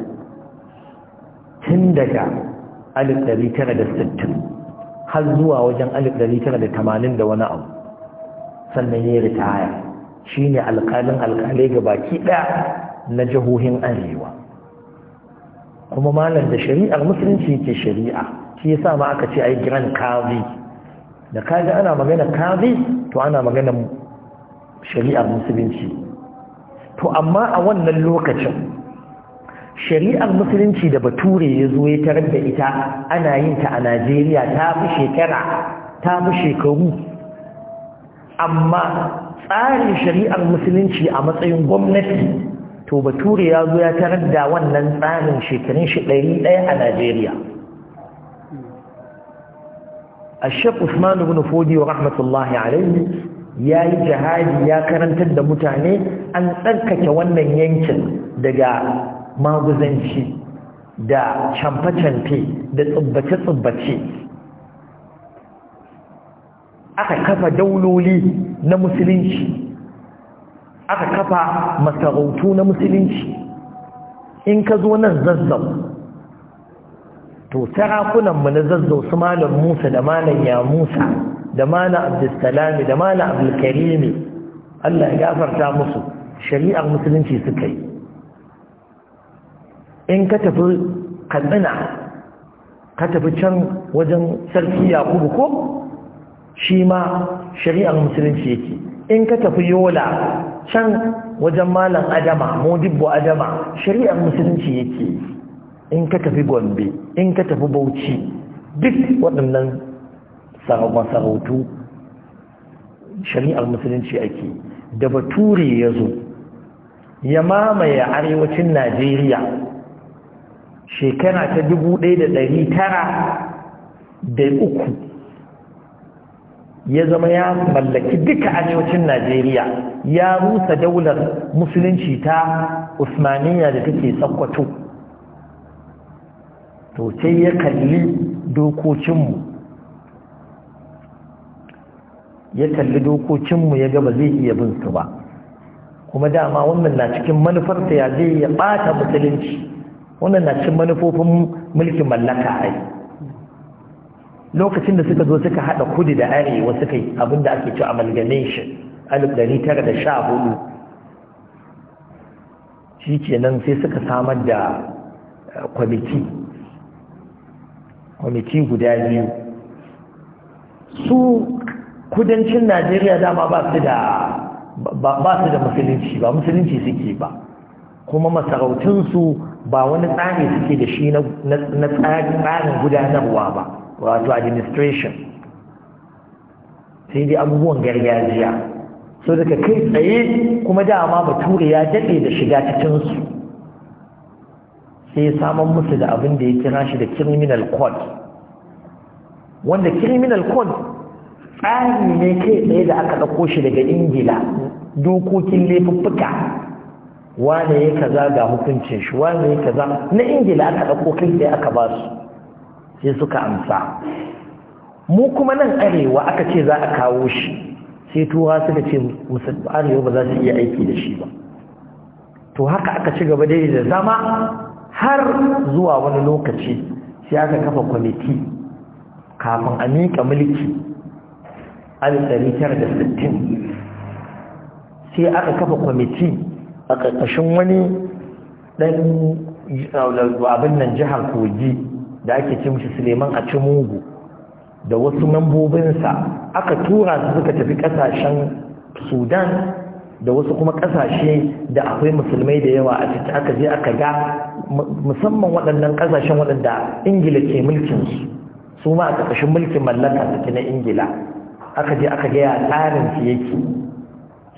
tun daga 1960 har zuwa wajen 1980 da wani abu sannan ya ritaya shi ne alkalin alkalai ga baki ɗaya na jihohin arewa kuma malam da shari'ar musulunci ke shari'a shi yasa ma aka ce ai giran kazi da kaji ana magana kazi to ana magana shari'ar musulunci to amma a wannan lokacin shari'ar musulunci da bature ya zo ya tarar da ita ana yin ta a najeriya ta fi shekara ta fi shekaru amma tsarin shari'ar musulunci a matsayin gwamnati to bature ya zo ya tarar da wannan tsarin shekarun shi ɗari ɗaya a najeriya الشيخ usman بن فودي wa rahmatullahi عليه ya yi jihadi ya karantar da mutane an tsarkake wannan yankin daga maguzanci da camfe-camfe da tsubbace-tsubbace aka kafa dauloli na musulunci aka kafa masarautu na musulunci in ka zo nan zazzau to sarakunanmu na zazzau su malam musa da malam ya musa da mana abdussalami da mana abdulkarimi Allah ya gafarta musu shari'ar musulunci suka yi in ka tafi katsina ka tafi can wajen sarki yakubu ko shi ma shari'ar musulunci yake in ka tafi yola can wajen malam adama modibbo adama shari'ar musulunci yake in ka tafi gombe in ka tafi bauchi duk waɗannan masarautu shari'ar musulunci ake da bature ya zo ya mamaye arewacin najeriya shekara ta dubu ɗaya da ɗari tara da uku ya zama ya mallaki duka arewacin najeriya ya rusa daular musulunci ta Usmaniyya da take sakwato to sai ya kalli dokokinmu ya kalli dokokinmu ya ga ba zai iya bin su ba kuma dama wannan na cikin manufarta ya zai ya ɓata musulunci wannan na cikin manufofin mulkin mallaka ai lokacin da suka zo suka haɗa kudi da arewa suka yi abinda ake cewa amalgamation hudu shi kenan sai suka samar da eh, kwamiti kwamiti guda biyu su kudancin najeriya dama ba su da musulunci ba musulunci suke ba kuma su ba wani tsari suke da shi na tsarin gudanarwa ba wato administration sai dai abubuwan gargajiya so daga kai tsaye kuma dama bature ya daɗe da shiga cikinsu sai saman musu da abin da ya kira shi da criminal court, wanda criminal court. tsari ne kai tsaye da aka ɗauko shi daga ingila dokokin laifuffuka wane ya kaza ga hukuncin shi wane ya kaza na ingila aka ɗauko kai tsaye aka ba su sai suka amsa mu kuma nan arewa aka ce za a kawo shi sai tuwa suka ce musulmi arewa ba za su iya aiki da shi ba to haka aka ci gaba dai da zama har zuwa wani lokaci sai aka kafa kwamiti kafin a miƙa mulki 1960 sai aka kafa kwamiti a ƙarƙashin wani ɗan abin nan jihar kogi da ake ce mishi suleiman a cimugu da wasu mambobinsa aka tura su suka tafi ƙasashen sudan da wasu kuma ƙasashe da akwai musulmai da yawa a ciki aka je aka ga musamman waɗannan ƙasashen waɗanda ingila ke mulkinsu su ma a ƙarƙashin mulkin mallaka suke na ingila aka je aka gaya tsarin su yake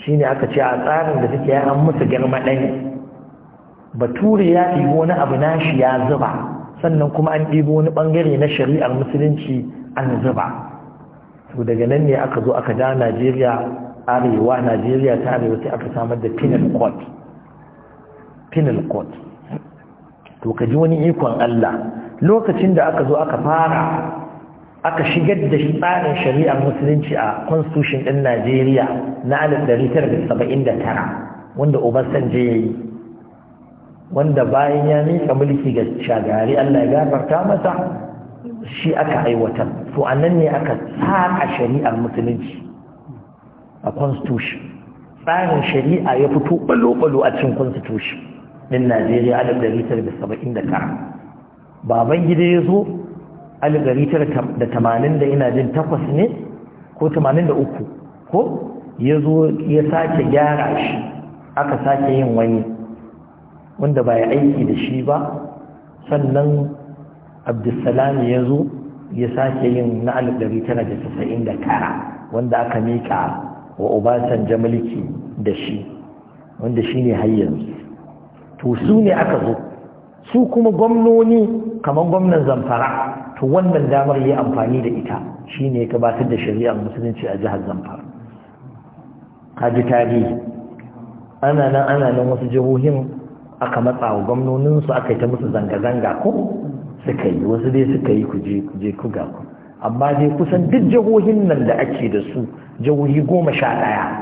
shine aka ce a tsarin da suke an musu girma ɗaya bature ya ɗibo wani abu nashi ya zuba sannan kuma an ɗibo wani ɓangare na shari'ar musulunci an zuba to daga nan ne aka zo aka da najeriya arewa najeriya ta arewa sai aka samar da penal court penal court to ka ji wani ikon allah lokacin da aka zo aka fara aka shigar da tsarin shari'ar musulunci a constitution ɗin najeriya na 1979 wanda obasanjo ya yi wanda bayan ya nika mulki ga shagari allah ya gafarta masa shi aka aiwatar to a nan ne aka tsaka shari'ar musulunci a constitution tsarin shari'a ya fito balo-balo a cikin constitution ɗin najeriya 1979 baban gida ya zo alif da tamanin da ina jin takwas ne ko tamanin da uku ko ya zo ya sake gyara shi aka sake yin wani wanda ba ya aiki da shi ba sannan abdulsalam ya zo ya sake yin na alif ɗari da casa'in da tara wanda aka miƙa wa obasan jamaliki da shi wanda shi ne hayyansu to su ne aka zo su kuma gwamnoni kamar gwamnan zamfara to wannan damar yi amfani da ita shine ya gabatar da shari'ar musulunci a jihar zamfara kaji tari. ana nan ana nan wasu jihohin aka matsa wa gwamnoninsu aka yi ta musu zanga-zanga ko suka yi wasu dai suka yi kuje ku ga ku amma dai kusan duk jihohin nan da ake da su jihohi goma sha ɗaya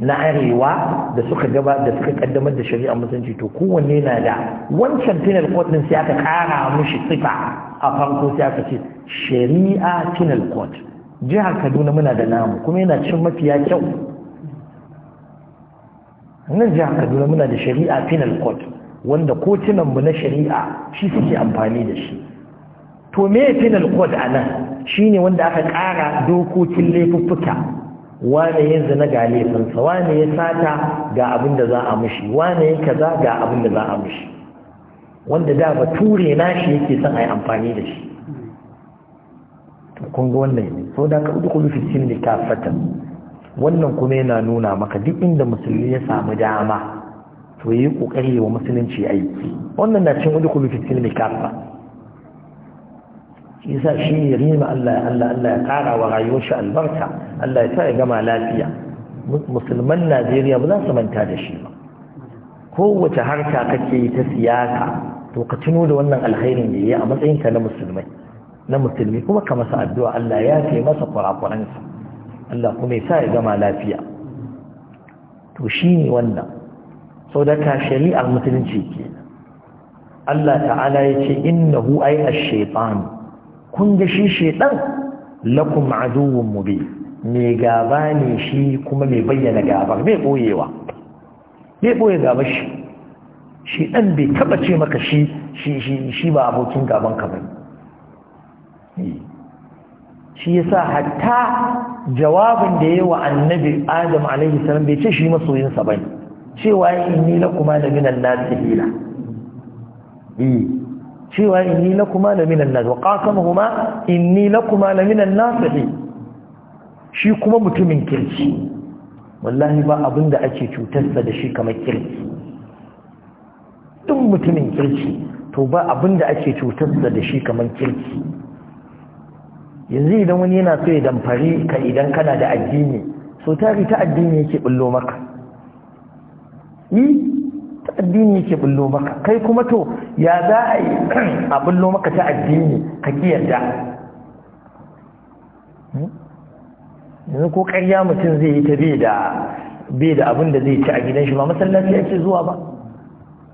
na arewa da suka gaba da suka kaddamar da shari'a musulunci to kowanne na da wancan penal court din sai aka kara mushi sifa a farko sai aka ce shari'a penal court jihar Kaduna muna da namu kuma yana cin mafiya kyau nan jihar Kaduna muna da shari'a penal court wanda kotunan mu na shari'a shi suke amfani da shi to me penal court nan shine wanda aka kara dokokin laifuffuka wane ya zina ga laifinsa wane ya sata ga abin da za a mishi wane ya kaza ga abin da za a mishi wanda da ba ture na shi yake son a yi amfani da shi kun ga wannan ne so da ka duk fi sin da wannan kuma yana nuna maka duk inda musulmi ya samu dama to yi kokari wa musulunci aiki wannan na cin duk fi sin da yasa shi ne rima Allah Allah Allah ya kara wa rayuwar shi albarka Allah ya sa ya gama lafiya musulman Najeriya ba za su manta da shi ba kowace harka kake yi ta siyasa to ka tuno da wannan alkhairin da yi a matsayin ka na musulmai na musulmi kuma ka masa addu'a Allah ya kai masa kurakuransa Allah kuma ya sa ya gama lafiya to ne wannan sau da shari'ar musulunci ke Allah ta'ala ya ce innahu ay ash-shaytan kun ga shi shaidan lakum aduwwun mubin mai gaba ne shi kuma mai bayyana gabar mai boyewa mai boye gaba shi shi dan bai taba ce maka shi shi ba abokin gaban ka bane eh. shi yasa hatta jawabin da yayi wa annabi adam alaihi salam bai ce shi masoyinsa sa bane cewa inni lakuma da minan nasihila eh. cewa inni lakuma laminan nas wa qasamahuma inni lakuma laminan nasihi shi kuma mutumin kirki wallahi ba abin da ake cutarsa da shi kamar kirki duk mutumin kirki to ba abin da ake cutarsa da shi kamar kirki yanzu idan wani yana so ya damfari ka idan kana da addini so tari ta addini yake bullo maka ta addini yake bullo maka kai kuma to ya za a yi a bullo maka ta addini ka kiyarda hmm? yanzu ko ƙarya mutum zai yi ta bai da bai abin da zai ci a gidan shi ba masallaci ya ake zuwa ba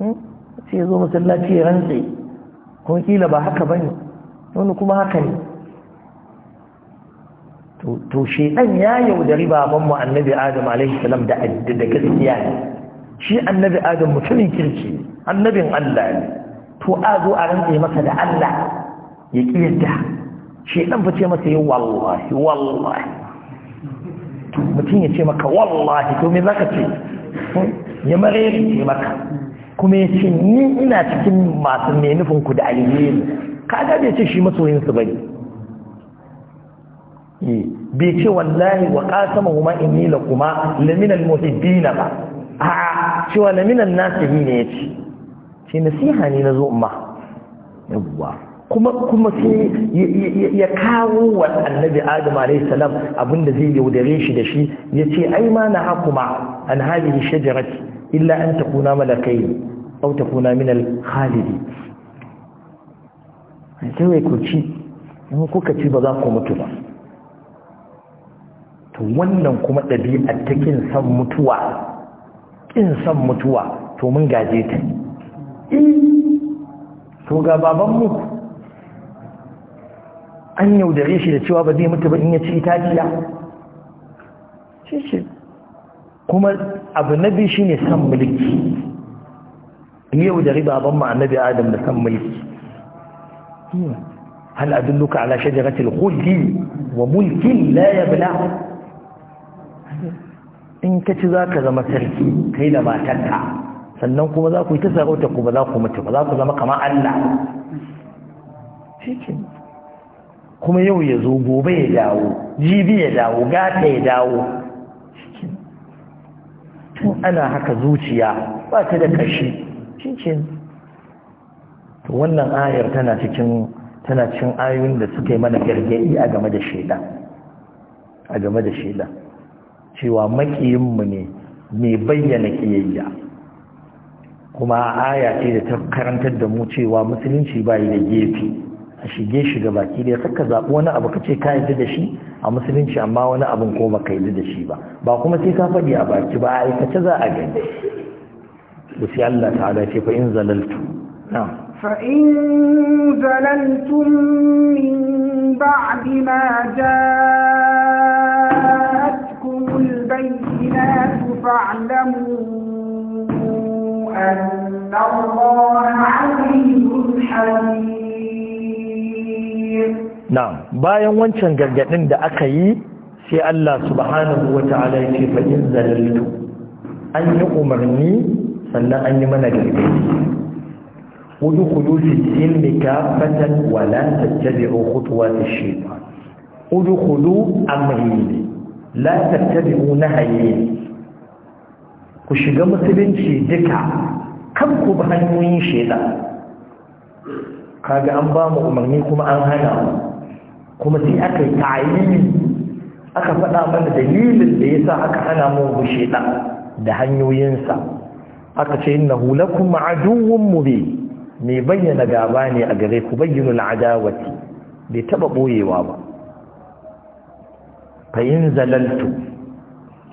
hmm? sai ya zo masallaci ya rantse kuma kila ba haka bane wani kuma haka ne to shedan ya yaudari babanmu annabi adam alaihi salam da gaskiya ne shi annabi adam mutumin kirki annabin Allah ne to a zo a rantse masa da Allah ya kiyarta shi dan fice masa yi wallahi wallahi mutum ya ce maka wallahi to me zaka ce ya mare ce maka kuma ya ce ni ina cikin masu mai nufin ku da alheri kaga bai ce shi masoyinsu bane eh, bai ce wallahi wa qasamahuma inni lakuma lamina almuhibbina ba A'a, cewa na minan nasihi ne ya ce ce nasiha ne na zo ma kuma kuma sai ya kawo wa annabi adam alayhi salam abinda zai yaudare shi da shi ya ce ai ma na hakuma an hadhihi shajarati illa an takuna malakai aw takuna min al khalidi sai wai ku ci in kuka ci ba za ku mutu ba to wannan kuma ɗabi'a ta kin san mutuwa in san mutuwa to mun gaje ta in to ga babanmu an yaudare shi da cewa ba zai mutu ba in ya ci itaciya shi shi kuma abu na biyu shine san mulki in yaudare babanmu annabi adam da san mulki هل أدلك على شجرة الخلد وملك لا يبلع in ka ci za ka zama sarki kai da matarka sannan kuma za ku yi ta sarauta ku ba za ku mutu ba za ku zama kama Allah shi kuma yau ya zo gobe ya dawo jibi ya dawo gata ya dawo tun ana haka zuciya ba ta da kashi cikin to wannan ayar tana cikin tana cikin ayoyin da suka yi mana gargaɗi a game da shaida a game da shaida. cewa mu ne mai bayyana kiyayya kuma aya ce da ta karantar da mu cewa musulunci yi da gefe a shige shi ga baki da saka zaɓi wani abu ka ce ka yarda da shi a musulunci amma wani abin ko ka yi da shi ba ba kuma sai ka faɗi a baki ba a aikace za a gani da sai Allah ta'ala ce fa in zalaltu na'am فإن زللتم من بعد ما جاء الناس فاعلموا أن الله عزيز حكيم نعم bayan wancan gargaɗin da aka yi sai Allah subhanahu wata'ala ya ce fa in zalaltu an yi umarni sannan an yi mana gargadi ادخلوا في السلم كافة ولا تتبعوا خطوات الشيطان ادخلوا أمري la tattabi'u nahayi ku shiga musulunci duka kan ku bi hanyoyin shaitan kaga an ba mu umarni kuma an hana mu kuma sai aka yi ta'ayini aka faɗa mana dalilin da yasa aka hana mu bi da hanyoyinsa aka ce kuma lakum aduwwun mubin mai bayyana gaba ne a gare ku na adawati bai taɓa ɓoyewa ba fayin zalaltu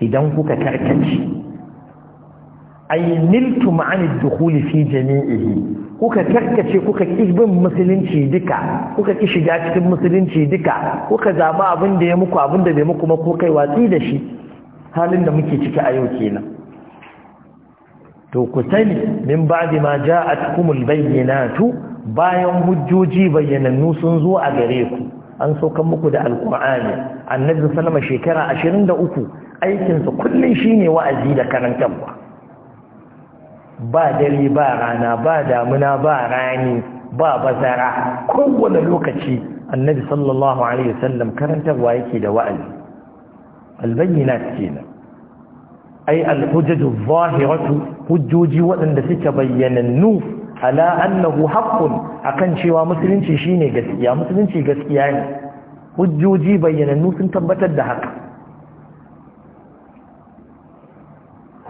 idan kuka karkace ay niltu ma'ani fi jami'ihi kuka karkace kuka kibin musulunci duka kuka ki shiga cikin musulunci duka kuka zaba abin da ya muku abin da bai muku ba ko kai watsi da shi halin da muke ciki a yau kenan to ku sani min ba'di ma ja'atkumul bayyinatu bayan hujjoji bayyanannu sun zo a gare ku an saukan muku da alkur'ani annabi sallama shekara ashirin da uku aikinsa kullum shine wa'azi da karantarwa ba dare ba rana ba damuna ba rani ba bazara kowane lokaci annabi sallallahu alaihi wasallam karantarwa yake da wa'azi albayyinat kenan ai alhujjatu zahiratu hujjoji waɗanda suke bayyanannu ala annahu haqqun akan cewa musulunci shine gaskiya musulunci gaskiya ne hujjoji bayyanannu sun tabbatar da haka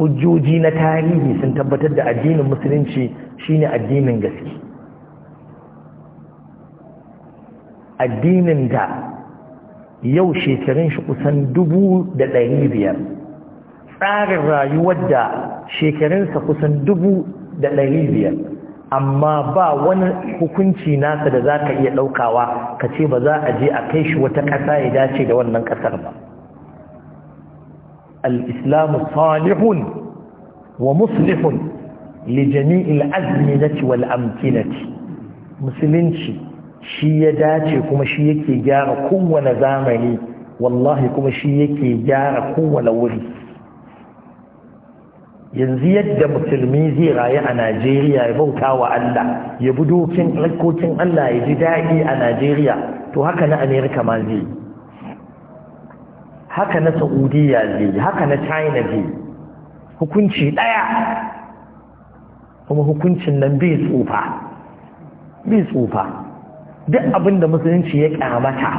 hujjoji na tarihi sun tabbatar da addinin musulunci shine addinin gaskiya. addinin da yau shekarun shi kusan dubu da ɗari biyar tsarin rayuwar da shekarunsa kusan dubu da ɗari biyar amma ba wani hukunci nasa da za ka iya ɗaukawa ka ce ba za a je a kai shi wata ƙasa ya dace da wannan ƙasar ba al'islamu salihun wa muslihun lijani il'azminati na ci. musulunci shi ya dace kuma shi yake gyara kowane zamani wallahi kuma shi yake gyara kowane wuri yanzu yadda musulmi zai rayu a najeriya ya bauta wa allah ya bi dokin harkokin allah ya ji daɗi a najeriya to haka na amerika ma zai haka na saudiya zai haka na china zai hukunci ɗaya kuma hukuncin nan bai tsufa bai tsufa duk abin da musulunci ya ƙyamata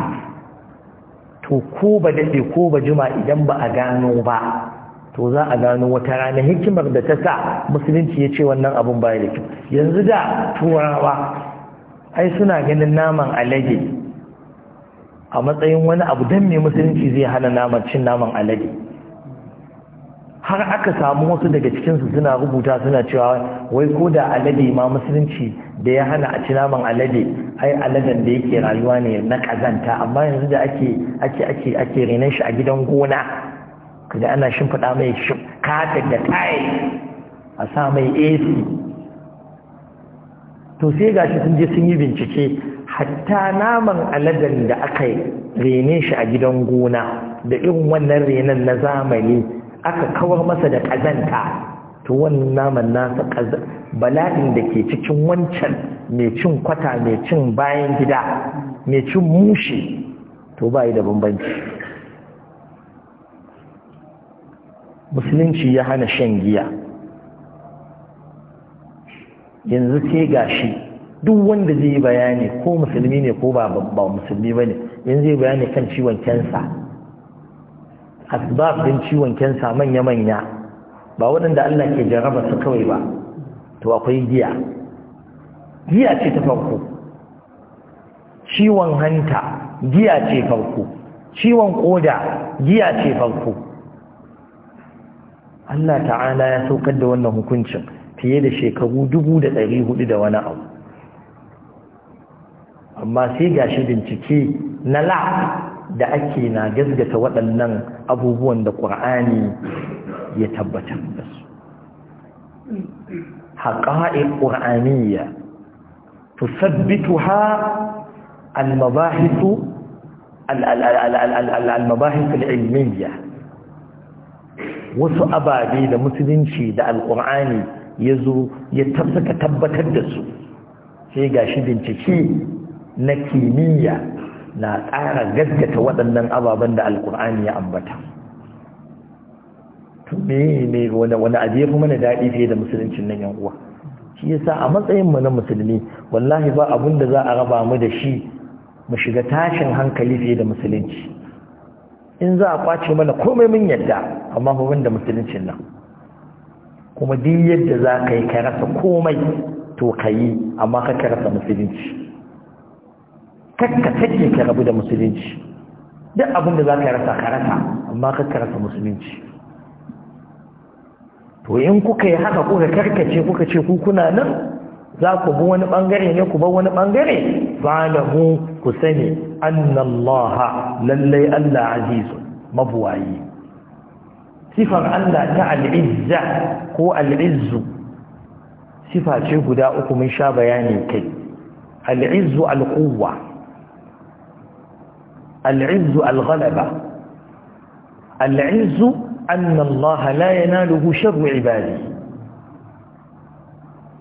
to ko ba daɗe ko ba jima idan ba a gano ba to za a gano wata rana hikimar da ta sa musulunci ya ce wannan abin baya da kyau yanzu da turawa ai suna ganin naman alade a matsayin wani abu don mai musulunci zai hana naman cin naman alade har aka samu wasu daga cikinsu suna rubuta suna cewa wai ko da alade ma musulunci da ya hana a ci naman alade ai aladen da yake rayuwa ne na kazanta amma yanzu da ake ake ake ake renan shi a gidan gona kaji ana shimfiɗa mai katin da tayi a sa mai ac to sai shi sun je sun yi bincike hatta naman aladen da aka rene shi a gidan gona da irin wannan renon na zamani aka kawar masa da ƙazanta to wannan naman nasa bala'in da ke cikin wancan mai cin kwata mai cin bayan gida mai cin mushi to ba yi da bambanci musulunci ya hana shan giya yanzu sai gashi duk wanda zai yi bayani ko musulmi ne ko ba ba musulmi bane yanzu zai bayani kan ciwon kansa asbab din ciwon kansa manya manya ba waɗanda Allah ke jaraba su kawai ba to akwai giya giya ce ta farko ciwon hanta giya ce farko ciwon koda giya ce farko Allah ta'ala ya saukar da wannan hukuncin fiye da shekaru dubu da hudu da wani abu amma sai ga shi bincike na la da ake na gazgata waɗannan abubuwan da ƙur'ani ya tabbatar da su haƙa'in ƙur'aniyya تثبتها المباحث المباحث العلميه wasu ababe da musulunci da alkur'ani ya zo ya tafsaka tabbatar da su sai ga shi bincike na kimiyya na ƙara gaggata waɗannan ababen da alkur'ani ya ambata ne wani abu ya fi mana daɗi fiye da musuluncin nan yan uwa shi yasa a matsayinmu na musulmi wallahi ba abun da za a raba mu da shi mu shiga tashin hankali fiye da musulunci in za a kwace mana komai mun yadda amma ba wanda musuluncin nan kuma din yadda za ka yi ka rasa komai to ka yi amma ka karasa musulunci kakka take ka rabu da musulunci duk abin da za ka rasa ka rasa amma ka karasa musulunci to in kuka yi haka kuka karkace kuka ce ku kuna nan za ku bi wani bangare ne ku bar wani bangare fa'alamu ku sani annallaha lallai Allah azizu mabuwayi sifar Allah ta al'izza ko al'izzu sifa ce guda uku mun sha bayani kai al'izzu al'uwa al'izzu al'ghalaba al'izzu annallaha la yanaluhu sharru ibadi.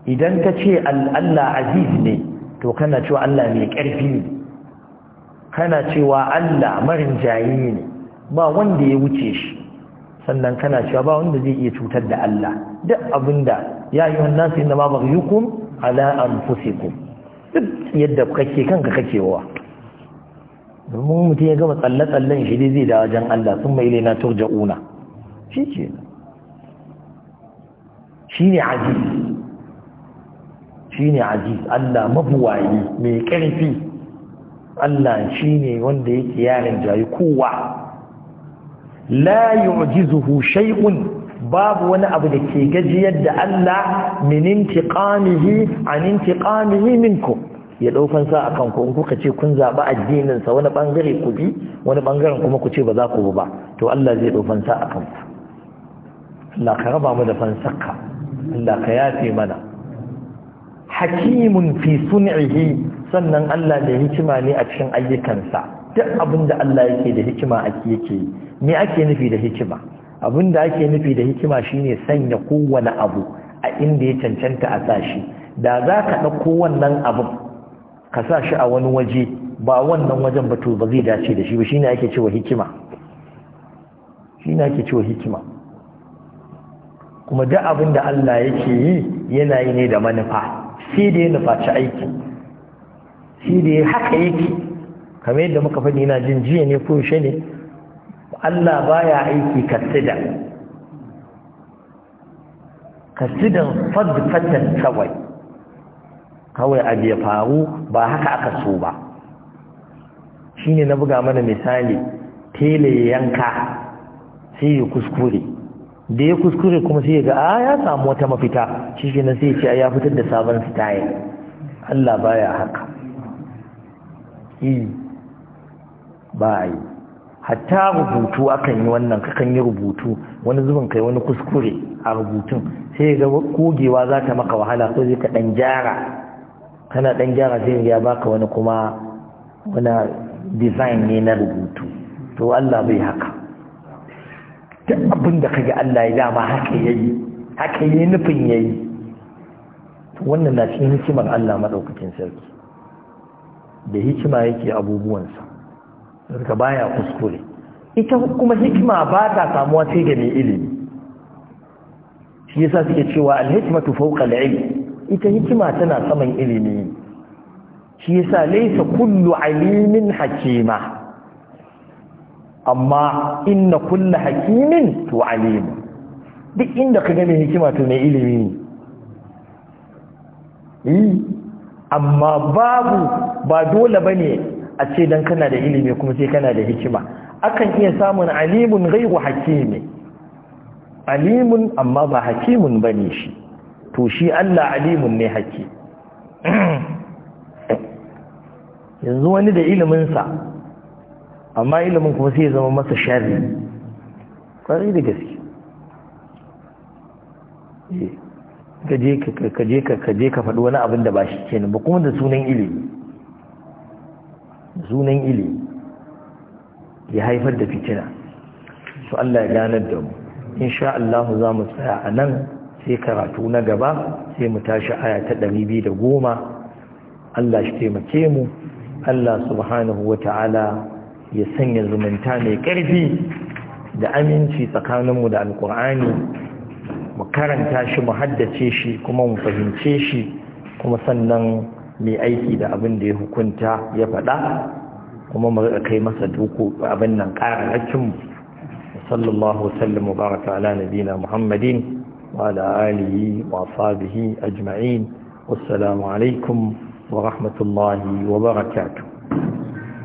idan ka ce Allah aziz ne to kana cewa Allah mai ƙarfi ne kana cewa Allah marin jayi ne ba wanda ya wuce shi sannan kana cewa ba wanda zai iya cutar da Allah duk abinda ya yi wannan su inda ma baghyukum ala anfusikum duk yadda kake kanka kake wa domin mutum ya gama tsalle-tsallen shi dai zai da wajen Allah sun mai ilai na turja'una shi ke shi ne aziz shine aziz Allah mabuwayi mai ƙarfi Allah shine wanda yake yarin jayi kowa la yu'jizuhu shay'un babu wani abu da ke gajiyar da Allah min intiqamihi an intiqamihi ya ɗaukan sa a kanku in kuka ce kun zaba addininsa wani bangare ku bi wani bangaren kuma ku ce ba za ku ba to Allah zai ɗaukan sa a kanku. Allah ka raba mu da fansaka Allah ka yafe mana hakimun fi sun'ihi sannan Allah da hikima ne a cikin ayyukansa duk abin da Allah yake da hikima ake yake me ake nufi da hikima abin da ake nufi da hikima shine sanya kowane abu a inda ya cancanta a sashi da za ka ɗauko wannan abu ka sa shi a wani waje ba wannan wajen ba to ba zai dace da shi ba shine ake cewa hikima shine ake cewa hikima kuma duk abin da Allah yake yi yana yi ne da manufa sai da ya nufaci aiki sai da ya haka yake kamar yadda muka faɗi na jin jiya ne ko yaushe ne Allah baya aiki kasida kasidan fadfatan kawai kawai a ya faru ba haka aka so ba shine na buga mana misali tele yanka sai ya kuskure da ya kuskure kuma sai ga a ah, ya samu wata mafita shi ke nan sai ce ya fitar da sabon sitaye Allah baya haka yi ba yi hatta rubutu akan yi wannan kakan yi rubutu wani zubin kai wani kuskure a rubutun sai ga kogewa za ta maka wahala ko zai ka dan gyara kana dan gyara sai ya baka wani kuma wani design ne na rubutu to Allah bai haka abin da ka kaga Allah ya dama haka yayi haka yayi nufin yayi wannan na cikin hikimar Allah madaukakin sarki da hikima yake abubuwansa sarka baya kuskure ita kuma hikima ba ta samuwa sai ga mai ilimi shi yasa suke cewa al-hikmatu fawqa al-ilm ita hikima tana saman ilimi shi yasa laysa kullu alimin hakima amma inna kulla hakimin to alim duk inda ka gane hikima to ne ilimi ne eh, amma babu ba dole bane a ce dan kana da ilimi kuma sai kana da hikima akan iya samun alimun ghayru hakimi alimun amma ba hakimun bane shi to shi Allah alimun ne hakim yanzu wani da iliminsa amma ilimin kuma sai ya zama masa sharri ƙwarai da gaske kaje kaje ka faɗi wani abin da ba shi ke ba kuma da sunan ilimi sunan ilimi ya haifar da fitina su Allah ya ganar da mu in sha Allah za mu tsaya a nan sai karatu na gaba sai mu tashi aya ta ɗari biyu da goma. Allah shi taimake mu Allah subhanahu wa ta'ala ya sanya zumunta mai ƙarfi da aminci tsakaninmu da alkur'ani mu karanta shi mu haddace shi kuma mu fahimce shi kuma sannan mai aiki da abin da ya hukunta ya faɗa kuma mu riƙa kai masa duku abin nan mu. hakkinmu sallallahu wasallam wa baraka ala nabina muhammadin wa ala alihi wa ashabihi ajma'in wassalamu alaikum wa rahmatullahi wa barakatuh